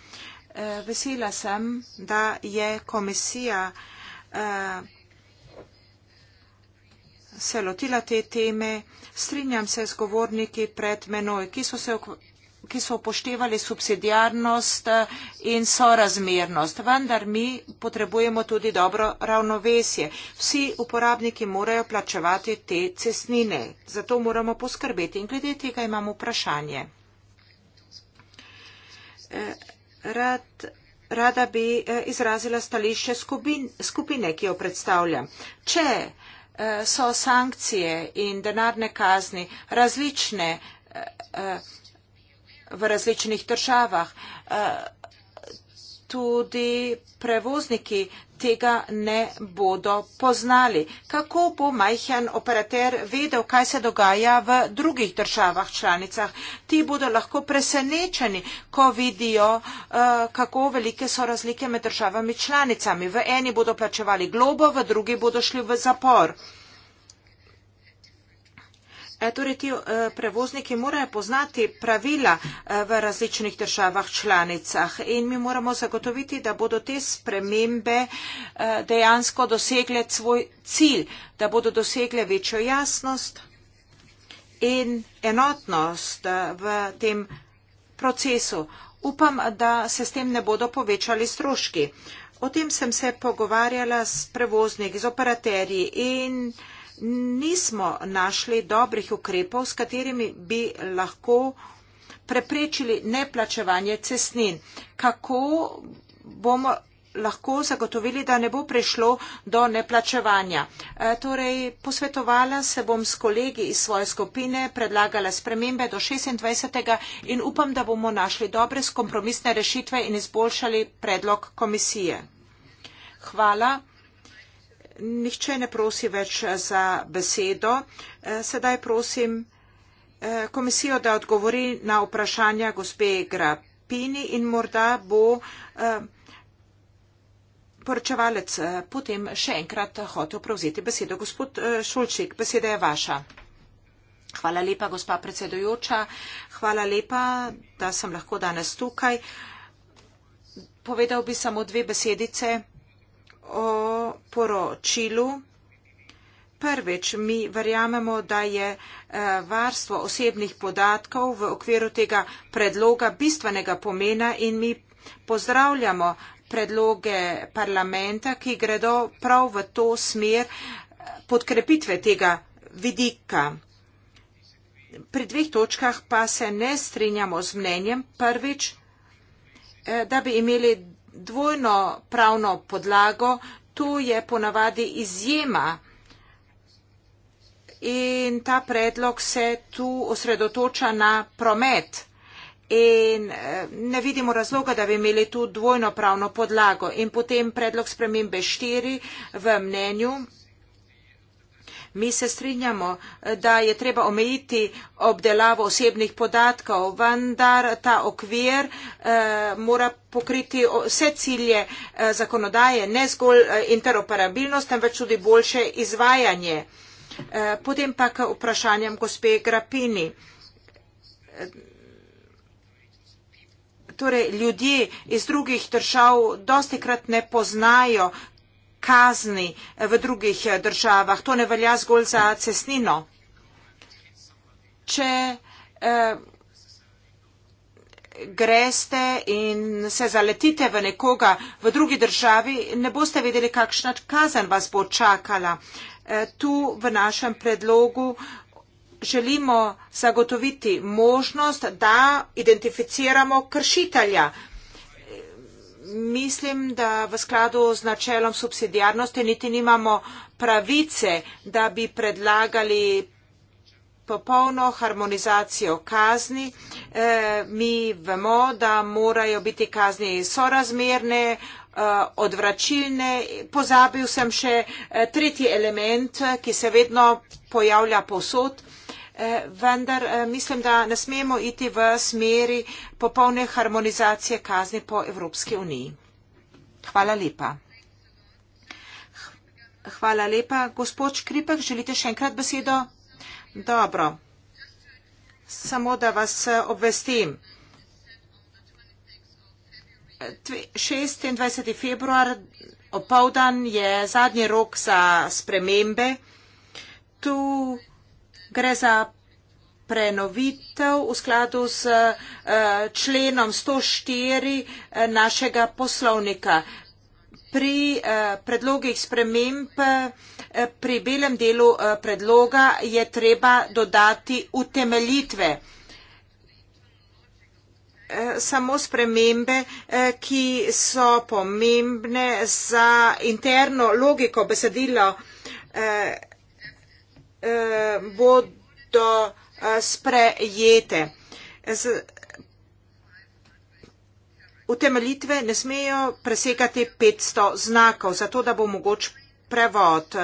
Eh, vesela sem, da je komisija eh, se lotila te teme. Strinjam se z govorniki pred menoj, ki so se ki so upoštevali subsidijarnost eh, in sorazmernost. Vendar mi potrebujemo tudi dobro ravnovesje. Vsi uporabniki morajo plačevati te cestnine. Zato moramo poskrbeti. In glede tega imamo vprašanje. Eh, rad, rada bi eh, izrazila stališče skupine, ki jo predstavljam. Če so sankcije in denarne kazni različne, v različnih državah. Eh, tudi prevozniki tega ne bodo poznali. Kako bo majhen operater vedel, kaj se dogaja v drugih državah članicah? Ti bodo lahko presenečeni, ko vidijo, eh, kako velike so razlike med državami članicami. V eni bodo plačevali globo, v drugi bodo šli v zapor. E, torej, ti e, prevozniki morajo poznati pravila e, v različnih državah članicah in mi moramo zagotoviti, da bodo te spremembe dejansko dosegle svoj cilj, da bodo dosegle večjo jasnost in enotnost v tem procesu. Upam, da se s tem ne bodo povečali stroški. O tem sem se pogovarjala s prevozniki, z operaterji in nismo našli dobrih ukrepov, s katerimi bi lahko preprečili neplačevanje cestnin. Kako bomo lahko zagotovili, da ne bo prišlo do neplačevanja. E, torej, posvetovala se bom s kolegi iz svoje skupine, predlagala spremembe do 26. in upam, da bomo našli dobre skompromisne rešitve in izboljšali predlog komisije. Hvala. Nihče ne prosi več za besedo. E, sedaj prosim e, komisijo, da odgovori na vprašanja gospe Grapini in morda bo e, poročevalec potem še enkrat hotel prevzeti besedo. Gospod Šulčik, beseda je vaša. Hvala lepa, gospa predsedujoča. Hvala lepa, da sem lahko danes tukaj. Povedal bi samo dve besedice o poročilu. Prvič, mi verjamemo, da je eh, varstvo osebnih podatkov v okviru tega predloga bistvenega pomena in mi pozdravljamo predloge parlamenta, ki gredo prav v to smer eh, podkrepitve tega vidika. Pri dveh točkah pa se ne strinjamo z mnenjem. Prvič, eh, da bi imeli dvojno pravno podlago, tu je ponavadi izjema in ta predlog se tu osredotoča na promet in eh, ne vidimo razloga, da bi imeli tu dvojno pravno podlago. In potem predlog spremembe štiri v mnenju Mi se strinjamo, da je treba omejiti obdelavo osebnih podatkov, vendar ta okvir eh, mora pokriti vse cilje eh, zakonodaje, ne zgolj eh, interoperabilnost, temveč tudi boljše izvajanje. Eh, potem pa k vprašanjem gospe Grapini. Torej, ljudje iz drugih držav dosti krat ne poznajo, kazni v drugih eh, državah. To ne velja zgolj za cesnino. Če eh, greste in se zaletite v nekoga v drugi državi, ne boste vedeli, kakšna kazen vas bo čakala. Eh, tu v našem predlogu želimo zagotoviti možnost, da identificiramo kršitelja mislim, da v skladu z načelom subsidijarnosti niti nimamo pravice, da bi predlagali popolno harmonizacijo kazni. E, mi vemo, da morajo biti kazni sorazmerne, e, odvračilne. Pozabil sem še eh, tretji element, ki se vedno pojavlja posod. Eh, vendar eh, mislim, da ne smemo iti v smeri popolne harmonizacije kazni po Evropski uniji. Hvala lepa. Hvala lepa. Gospod Škripek, želite še enkrat besedo? Dobro. Samo da vas eh, obvestim. 26. februar opovdan je zadnji rok za spremembe. Tu gre za prenovitev v skladu s eh, členom 104 eh, našega poslovnika. Pri eh, predlogih sprememb, pri belem delu predloga je treba dodati utemeljitve. Samo spremembe, ki so pomembne za interno logiko besedilo bodo eh, sprejete. Utemelitve ne smejo presekati 500 znakov, zato da bo mogoč prevod.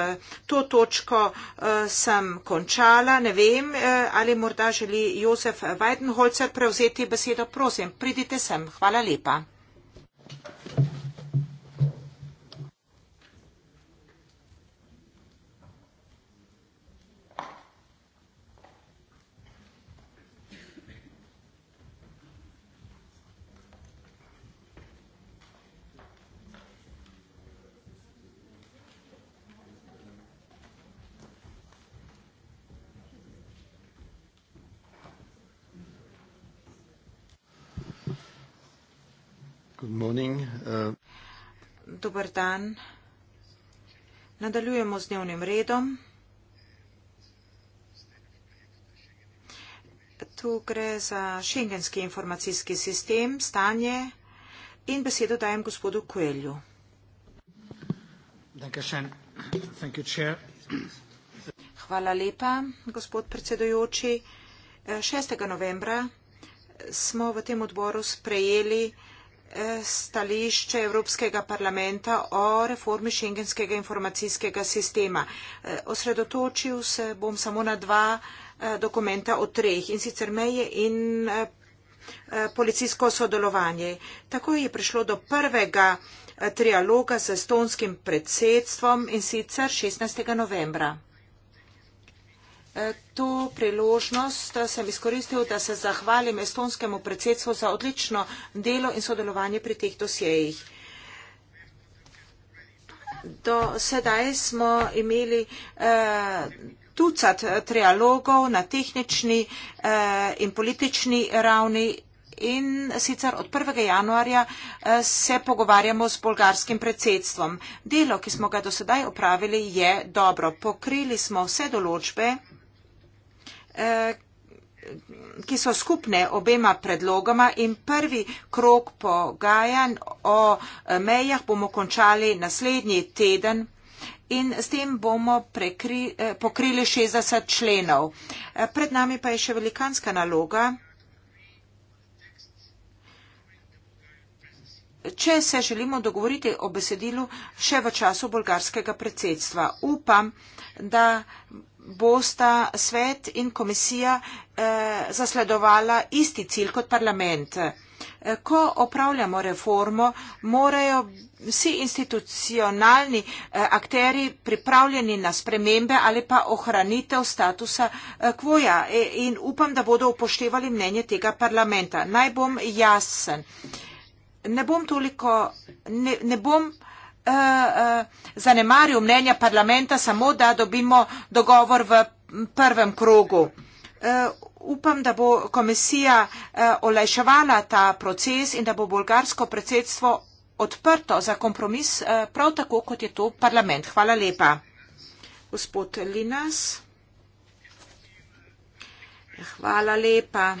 To točko eh, sem končala, ne vem, eh, ali morda želi Jozef Weidenholzer prevzeti besedo. Prosim, pridite sem. Hvala lepa. morning. Uh, Dober dan. Nadaljujemo z dnevnim redom. Tu gre za šengenski informacijski sistem, stanje in besedo dajem gospodu Kuelju. Hvala lepa, gospod predsedujoči. 6. novembra smo v tem odboru sprejeli stališče Evropskega parlamenta o reformi šengenskega informacijskega sistema. E, osredotočil se bom samo na dva e, dokumenta o treh in sicer meje in e, policijsko sodelovanje. Tako je prišlo do prvega trialoga z estonskim predsedstvom in sicer 16. novembra. To priložnost eh, sem izkoristil, da se zahvalim estonskemu predsedstvu za odlično delo in sodelovanje pri teh dosjejih. Do sedaj smo imeli eh, tucat trialogov na tehnični eh, in politični ravni in sicer od 1. januarja eh, se pogovarjamo s bolgarskim predsedstvom. Delo, ki smo ga do sedaj opravili, je dobro. Pokrili smo vse določbe Eh, ki so skupne obema predlogoma in prvi krok pogajanj o eh, mejah bomo končali naslednji teden in s tem bomo prekri, eh, pokrili 60 členov. Pred nami pa je še velikanska naloga. Če se želimo dogovoriti o besedilu še v času bolgarskega predsedstva, upam, da bosta svet in komisija eh, zasledovala isti cilj kot parlament. Eh, ko opravljamo reformo, morajo vsi institucionalni eh, akteri pripravljeni na spremembe ali pa ohranitev statusa eh, kvoja e, in upam, da bodo upoštevali mnenje tega parlamenta. Naj bom jasen. Ne bom toliko. Ne, ne bom, eh, Eh, eh, zanemaril mnenja parlamenta, samo da dobimo dogovor v prvem krogu. Eh, upam, da bo komisija olajševala ta proces in da bo bolgarsko predsedstvo odprto za kompromis, prav tako kot je to parlament. Hvala lepa. Gospod Linas. Hvala lepa.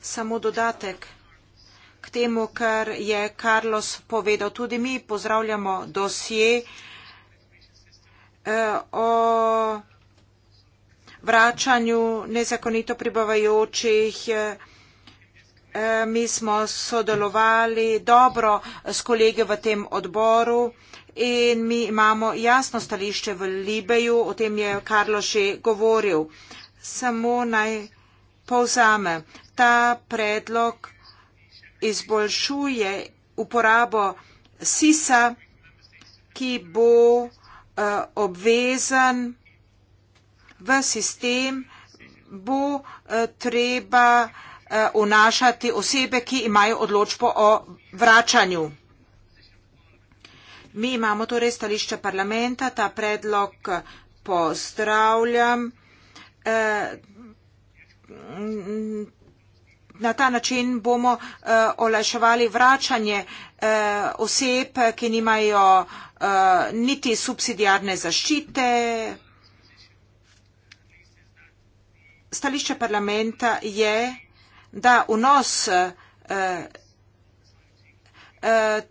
Samo dodatek temu, kar je Carlos povedal. Tudi mi pozdravljamo dosje eh, o vračanju nezakonito pribavajočih. Eh, eh, mi smo sodelovali dobro s kolege v tem odboru in mi imamo jasno stališče v Libeju, o tem je Karlo še govoril. Samo naj povzame. Ta predlog izboljšuje uporabo SIS-a, ki bo uh, eh, obvezan v sistem, bo uh, treba eh, vnašati uh, osebe, ki imajo odločbo o vračanju. Mi imamo torej stališče parlamenta, ta predlog pozdravljam. Uh, na ta način bomo uh, olajševali vračanje uh, oseb, ki nimajo uh, niti subsidijarne zaščite. Stališče parlamenta je, da vnos uh, uh,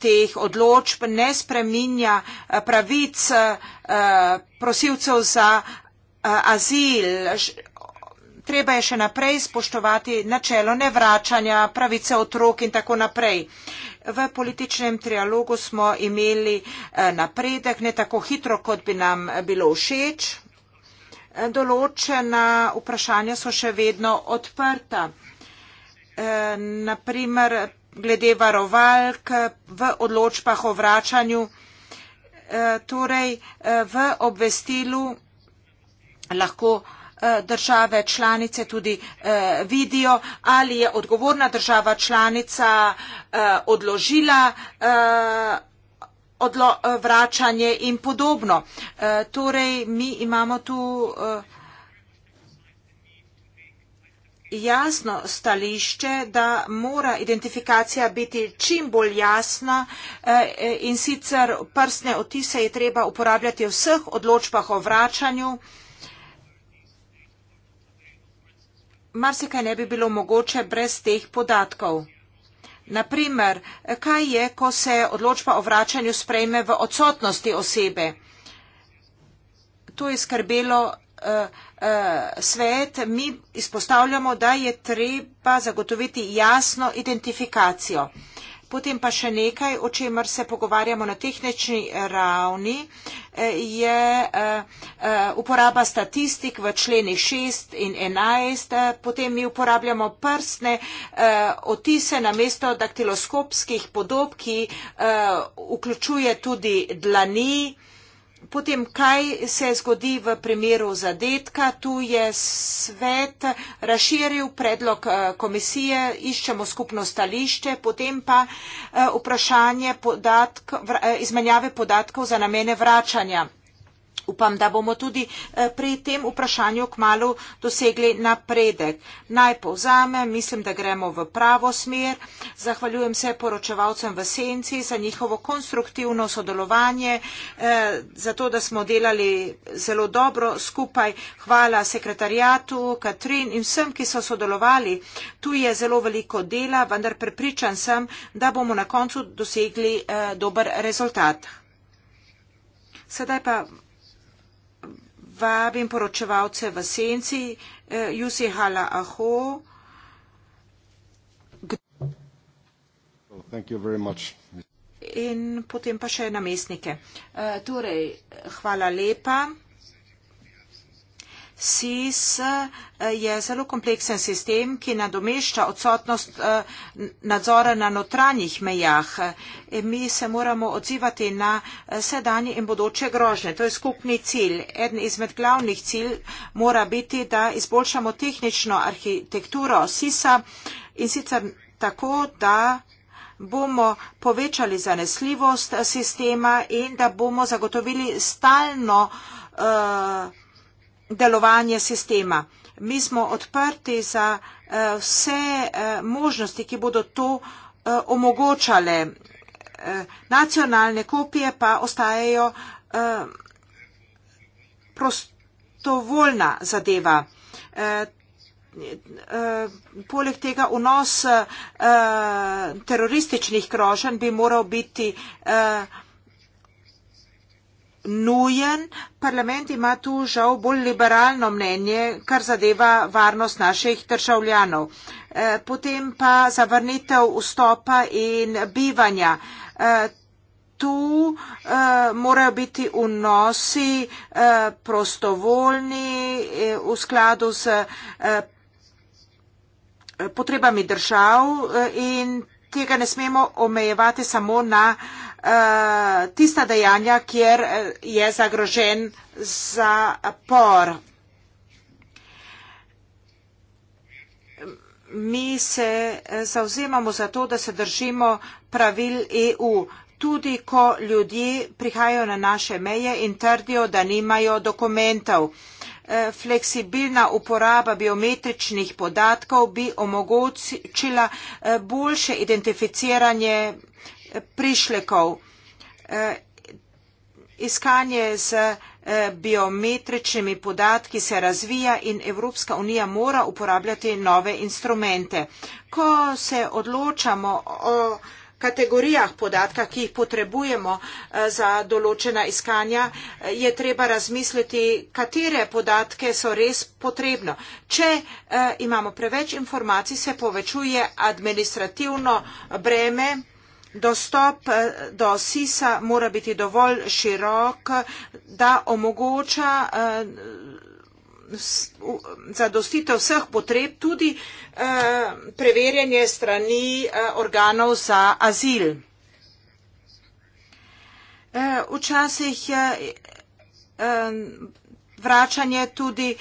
teh odločb ne spreminja pravic uh, prosilcev za uh, azil, treba je še naprej spoštovati načelo nevračanja, pravice otrok in tako naprej. V političnem trialogu smo imeli eh, napredek, ne tako hitro, kot bi nam bilo všeč. Določena vprašanja so še vedno odprta. Eh, Naprimer, glede varovalk v odločbah o vračanju, eh, torej v obvestilu lahko vračanje Eh, države članice tudi eh, vidijo, ali je odgovorna država članica eh, odložila vračanje in podobno. Torej, mi imamo tu jasno stališče, da mora identifikacija biti čim bolj jasna in sicer prstne otise je treba uporabljati v vseh odločbah o vračanju in marsikaj ne bi bilo mogoče brez teh podatkov. Naprimer, kaj je, ko se odločba o vračanju sprejme v odsotnosti osebe? To je skrbelo uh, uh, svet. Mi izpostavljamo, da je treba zagotoviti jasno identifikacijo. Uh, Potem pa še nekaj, o čemer se pogovarjamo na tehnični ravni, eh, je eh, eh, uporaba statistik v členi 6 in 11. Potem mi uporabljamo prstne otise na mesto daktiloskopskih podob, ki vključuje tudi dlani potem, kaj se zgodi v primeru zadetka, tu je svet razširil predlog eh, komisije, iščemo skupno stališče, potem pa eh, vprašanje podatk, eh, izmenjave podatkov za namene vračanja. Upam, da bomo tudi eh, pri tem vprašanju kmalo dosegli napredek. Naj povzame, mislim, da gremo v pravo smer. Zahvaljujem se poročevalcem v Senci za njihovo konstruktivno sodelovanje, eh, za to, da smo delali zelo dobro skupaj. Hvala sekretarijatu, Katrin in vsem, ki so sodelovali. Tu je zelo veliko dela, vendar prepričan sem, da bomo na koncu dosegli eh, dober rezultat. Sedaj pa vabim poročevalce v senci, Jusi Hala Aho. In potem pa še namestnike. Eh, torej, hvala lepa. SIS eh, je zelo kompleksen sistem, ki nadomešča odsotnost eh, nadzora na notranjih mejah. Eh, mi se moramo odzivati na sedanje in bodoče grožnje. To je skupni cilj. Eden izmed glavnih cilj mora biti, da izboljšamo tehnično arhitekturo SIS-a in sicer tako, da bomo povečali zanesljivost sistema in da bomo zagotovili stalno uh, delovanje sistema. Mi smo odprti za eh, vse eh, možnosti, ki bodo to eh, omogočale. Nacionalne kopije pa ostajajo prostovoljna zadeva. Poleg tega vnos terorističnih krožen bi moral biti nujen. Parlament ima tu žal bolj liberalno mnenje, kar zadeva varnost naših državljanov. Eh, potem pa zavrnitev vstopa in bivanja. Eh, tu eh, morajo biti vnosi prostovoljni v skladu z potrebami držav in tega ne smemo omejevati samo na Eh, tista dejanja, kjer eh, je zagrožen zapor. Mi se eh, zauzemamo za to, da se držimo pravil EU. Tudi ko ljudje prihajajo na naše meje in trdijo, da nimajo dokumentov. Fleksibilna uporaba biometričnih podatkov bi omogočila boljše identificiranje prišlekov. Eh, iskanje z eh, biometričnimi podatki se razvija in Evropska unija mora uporabljati nove instrumente. Ko se odločamo o kategorijah podatka, ki jih potrebujemo eh, za določena iskanja, je treba razmisliti, katere podatke so res potrebno. Če imamo preveč informacij, se povečuje administrativno breme Dostop eh, do SIS-a mora biti dovolj širok, da omogoča eh, zadostitev vseh potreb, tudi eh, preverjanje strani organov za azil. Včasih vračanje tudi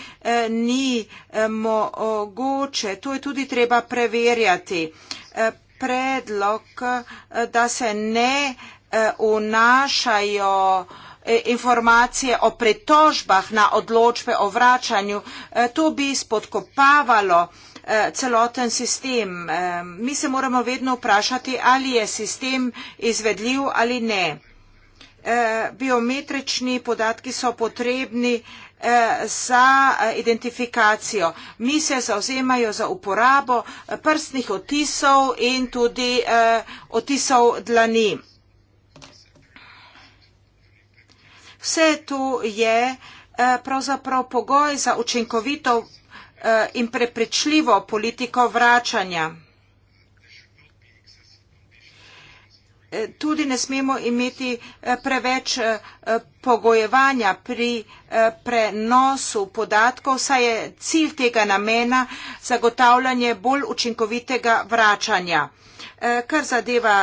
ni mogoče, to je tudi treba preverjati predlog, eh, da se ne eh, vnašajo eh, informacije o pretožbah na odločbe o vračanju. To bi spodkopavalo celoten sistem. Mi se moramo vedno vprašati, ali je sistem izvedljiv ali ne. Biometrični podatki so potrebni Eh, za eh, identifikacijo. Mi se zauzemajo za uporabo eh, prstnih otisov in tudi otisov dlani. Vse to je pravzaprav pogoj za učinkovito in preprečljivo politiko vračanja. Eh, tudi ne smemo imeti eh, preveč eh, pogojevanja pri prenosu podatkov, saj je cilj tega namena zagotavljanje bolj učinkovitega vračanja. Kar zadeva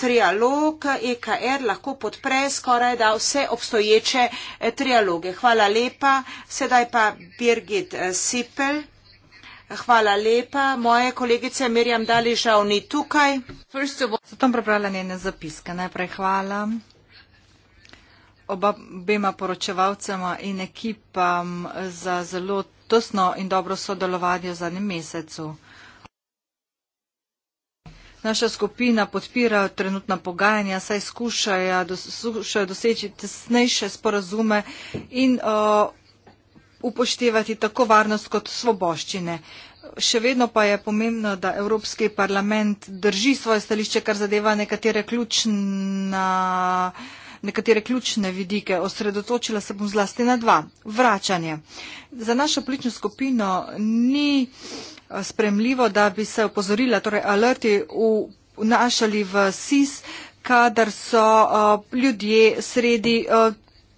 trialog, EKR lahko podpre skoraj da vse obstoječe trialoge. Hvala lepa. Sedaj pa Birgit Sipel. Hvala lepa. Moje kolegice Mirjam Dali žal ni tukaj. Zato bom prebrala njene zapiske. Najprej hvala oba bema poročevalcema in ekipam za zelo tesno in dobro sodelovanje v zadnjem mesecu. Naša skupina podpira trenutna pogajanja, saj skušajo doseči tesnejše sporazume in uh, upoštevati tako varnost kot svoboščine. Še vedno pa je pomembno, da Evropski parlament drži svoje stališče, kar zadeva nekatere ključna nekatere ključne vidike. Osredotočila se bom zlasti na dva. Vračanje. Za našo politično skupino ni eh, spremljivo, da bi se opozorila, torej alerti vnašali v SIS, kadar so eh, ljudje sredi eh,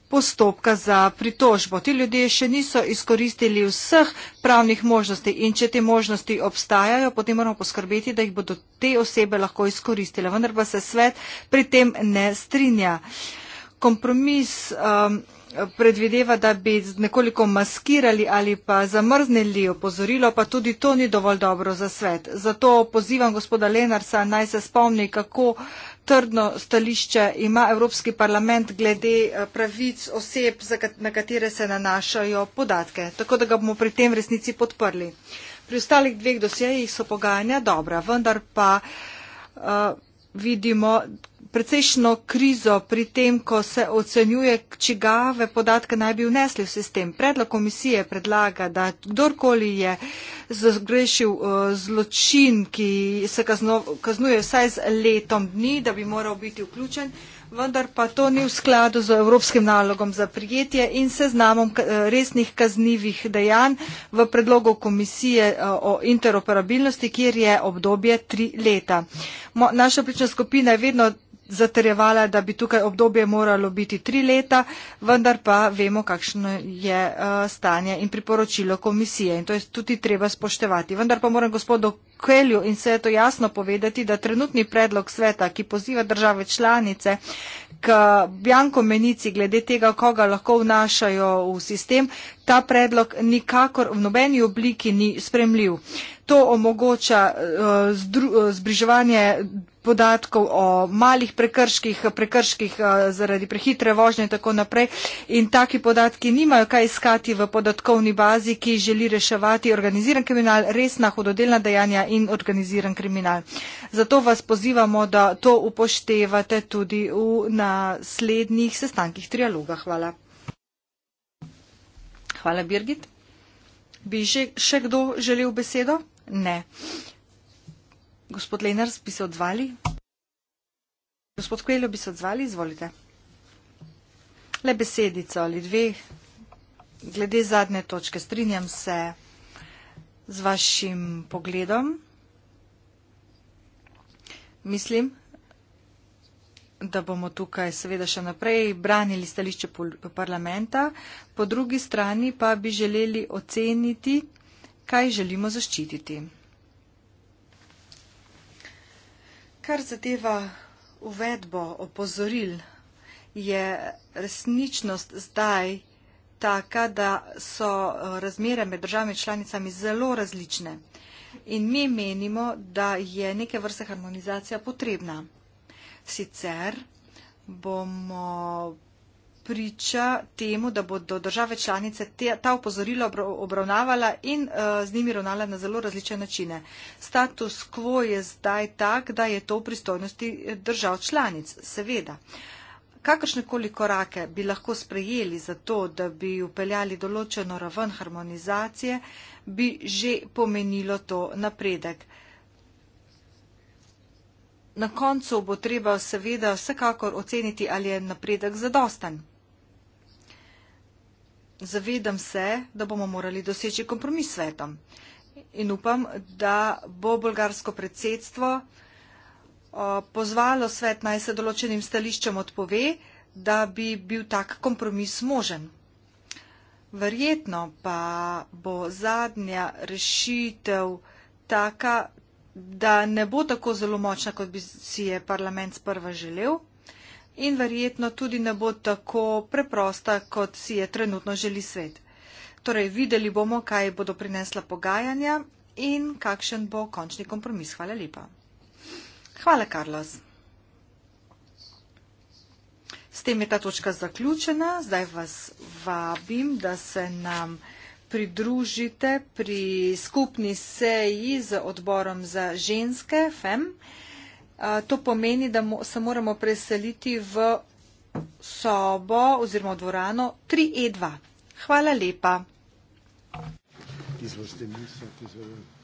postopka za pritožbo. Ti ljudje še niso izkoristili vseh pravnih možnosti in če te možnosti obstajajo, potem moramo poskrbeti, da jih bodo te osebe lahko izkoristile. Vendar pa se svet pri tem ne strinja. Kompromis. Um, predvideva, da bi nekoliko maskirali ali pa zamrznili opozorilo, pa tudi to ni dovolj dobro za svet. Zato pozivam gospoda Lenarsa, naj se spomni, kako, trdno stališče ima Evropski parlament glede eh, pravic oseb, na katere se nanašajo podatke, tako da ga bomo pri tem resnici podprli. Pri ostalih dveh dosjejih so pogajanja dobra, vendar pa uh, vidimo, precejšno krizo pri tem, ko se ocenjuje, čigave podatke naj bi vnesli v sistem. Predlog komisije predlaga, da kdorkoli je zgrešil eh, zločin, ki se kazno, kaznuje vsaj z letom dni, da bi moral biti vključen, vendar pa to ni v skladu z evropskim nalogom za prijetje in seznamom eh, resnih kaznivih dejanj v predlogu komisije eh, o interoperabilnosti, kjer je obdobje tri leta. Mo, naša prična skupina je vedno zaterjevala, da bi tukaj obdobje moralo biti tri leta, vendar pa vemo, kakšno je eh, stanje in priporočilo komisije in to je tudi treba spoštevati. Vendar pa moram gospodu Kelju in se je to jasno povedati, da trenutni predlog sveta, ki poziva države članice k bjankomenici glede tega, koga lahko vnašajo v sistem, ta predlog nikakor v nobeni obliki ni spremljiv. To omogoča eh, eh, zbriževanje podatkov o malih prekrških, prekrških eh, zaradi prehitre vožnje in tako naprej. In taki podatki nimajo kaj iskati v podatkovni bazi, ki želi reševati organiziran kriminal, resna hudodelna dejanja in organiziran kriminal. Zato vas pozivamo, da to upoštevate tudi v naslednjih sestankih trialoga. Hvala. Hvala, Birgit. Bi že še kdo želel besedo? Ne. Gospod Lenars, bi se odzvali? Gospod Kveljo, bi se odzvali? Izvolite. Le besedico ali dve. Glede zadnje točke strinjam se z vašim pogledom. Mislim, da bomo tukaj seveda še naprej branili stališče parlamenta, po drugi strani pa bi želeli oceniti, kaj želimo zaščititi. kar zadeva uvedbo opozoril, je resničnost zdaj taka, da so eh, razmere med državami članicami zelo različne. In mi menimo, da je neke vrste harmonizacija potrebna. Sicer bomo priča temu, da bodo države članice te, ta upozorila obravnavala in uh, z njimi ravnala na zelo različne načine. Status quo je zdaj tak, da je to v pristojnosti eh, držav članic, seveda. Kakršnekoli korake bi lahko sprejeli za to, da bi upeljali določeno raven harmonizacije, bi že pomenilo to napredek. Na koncu bo treba seveda vsekakor oceniti, ali je napredek zadostan. Zavedam se, da bomo morali doseči kompromis s svetom in upam, da bo bolgarsko predsedstvo pozvalo svet naj se določenim stališčem odpove, da bi bil tak kompromis možen. Verjetno pa bo zadnja rešitev taka, da ne bo tako zelo močna, kot bi si je parlament sprva želel in verjetno tudi ne bo tako preprosta, kot si je trenutno želi svet. Torej, videli bomo, kaj bodo prinesla pogajanja in kakšen bo končni kompromis. Hvala lepa. Hvala, Carlos. S tem je ta točka zaključena. Zdaj vas vabim, da se nam pridružite pri skupni seji z odborom za ženske FEM. To pomeni, da se moramo preseliti v sobo oziroma dvorano 3E2. Hvala lepa. Izvršte misli, izvršte.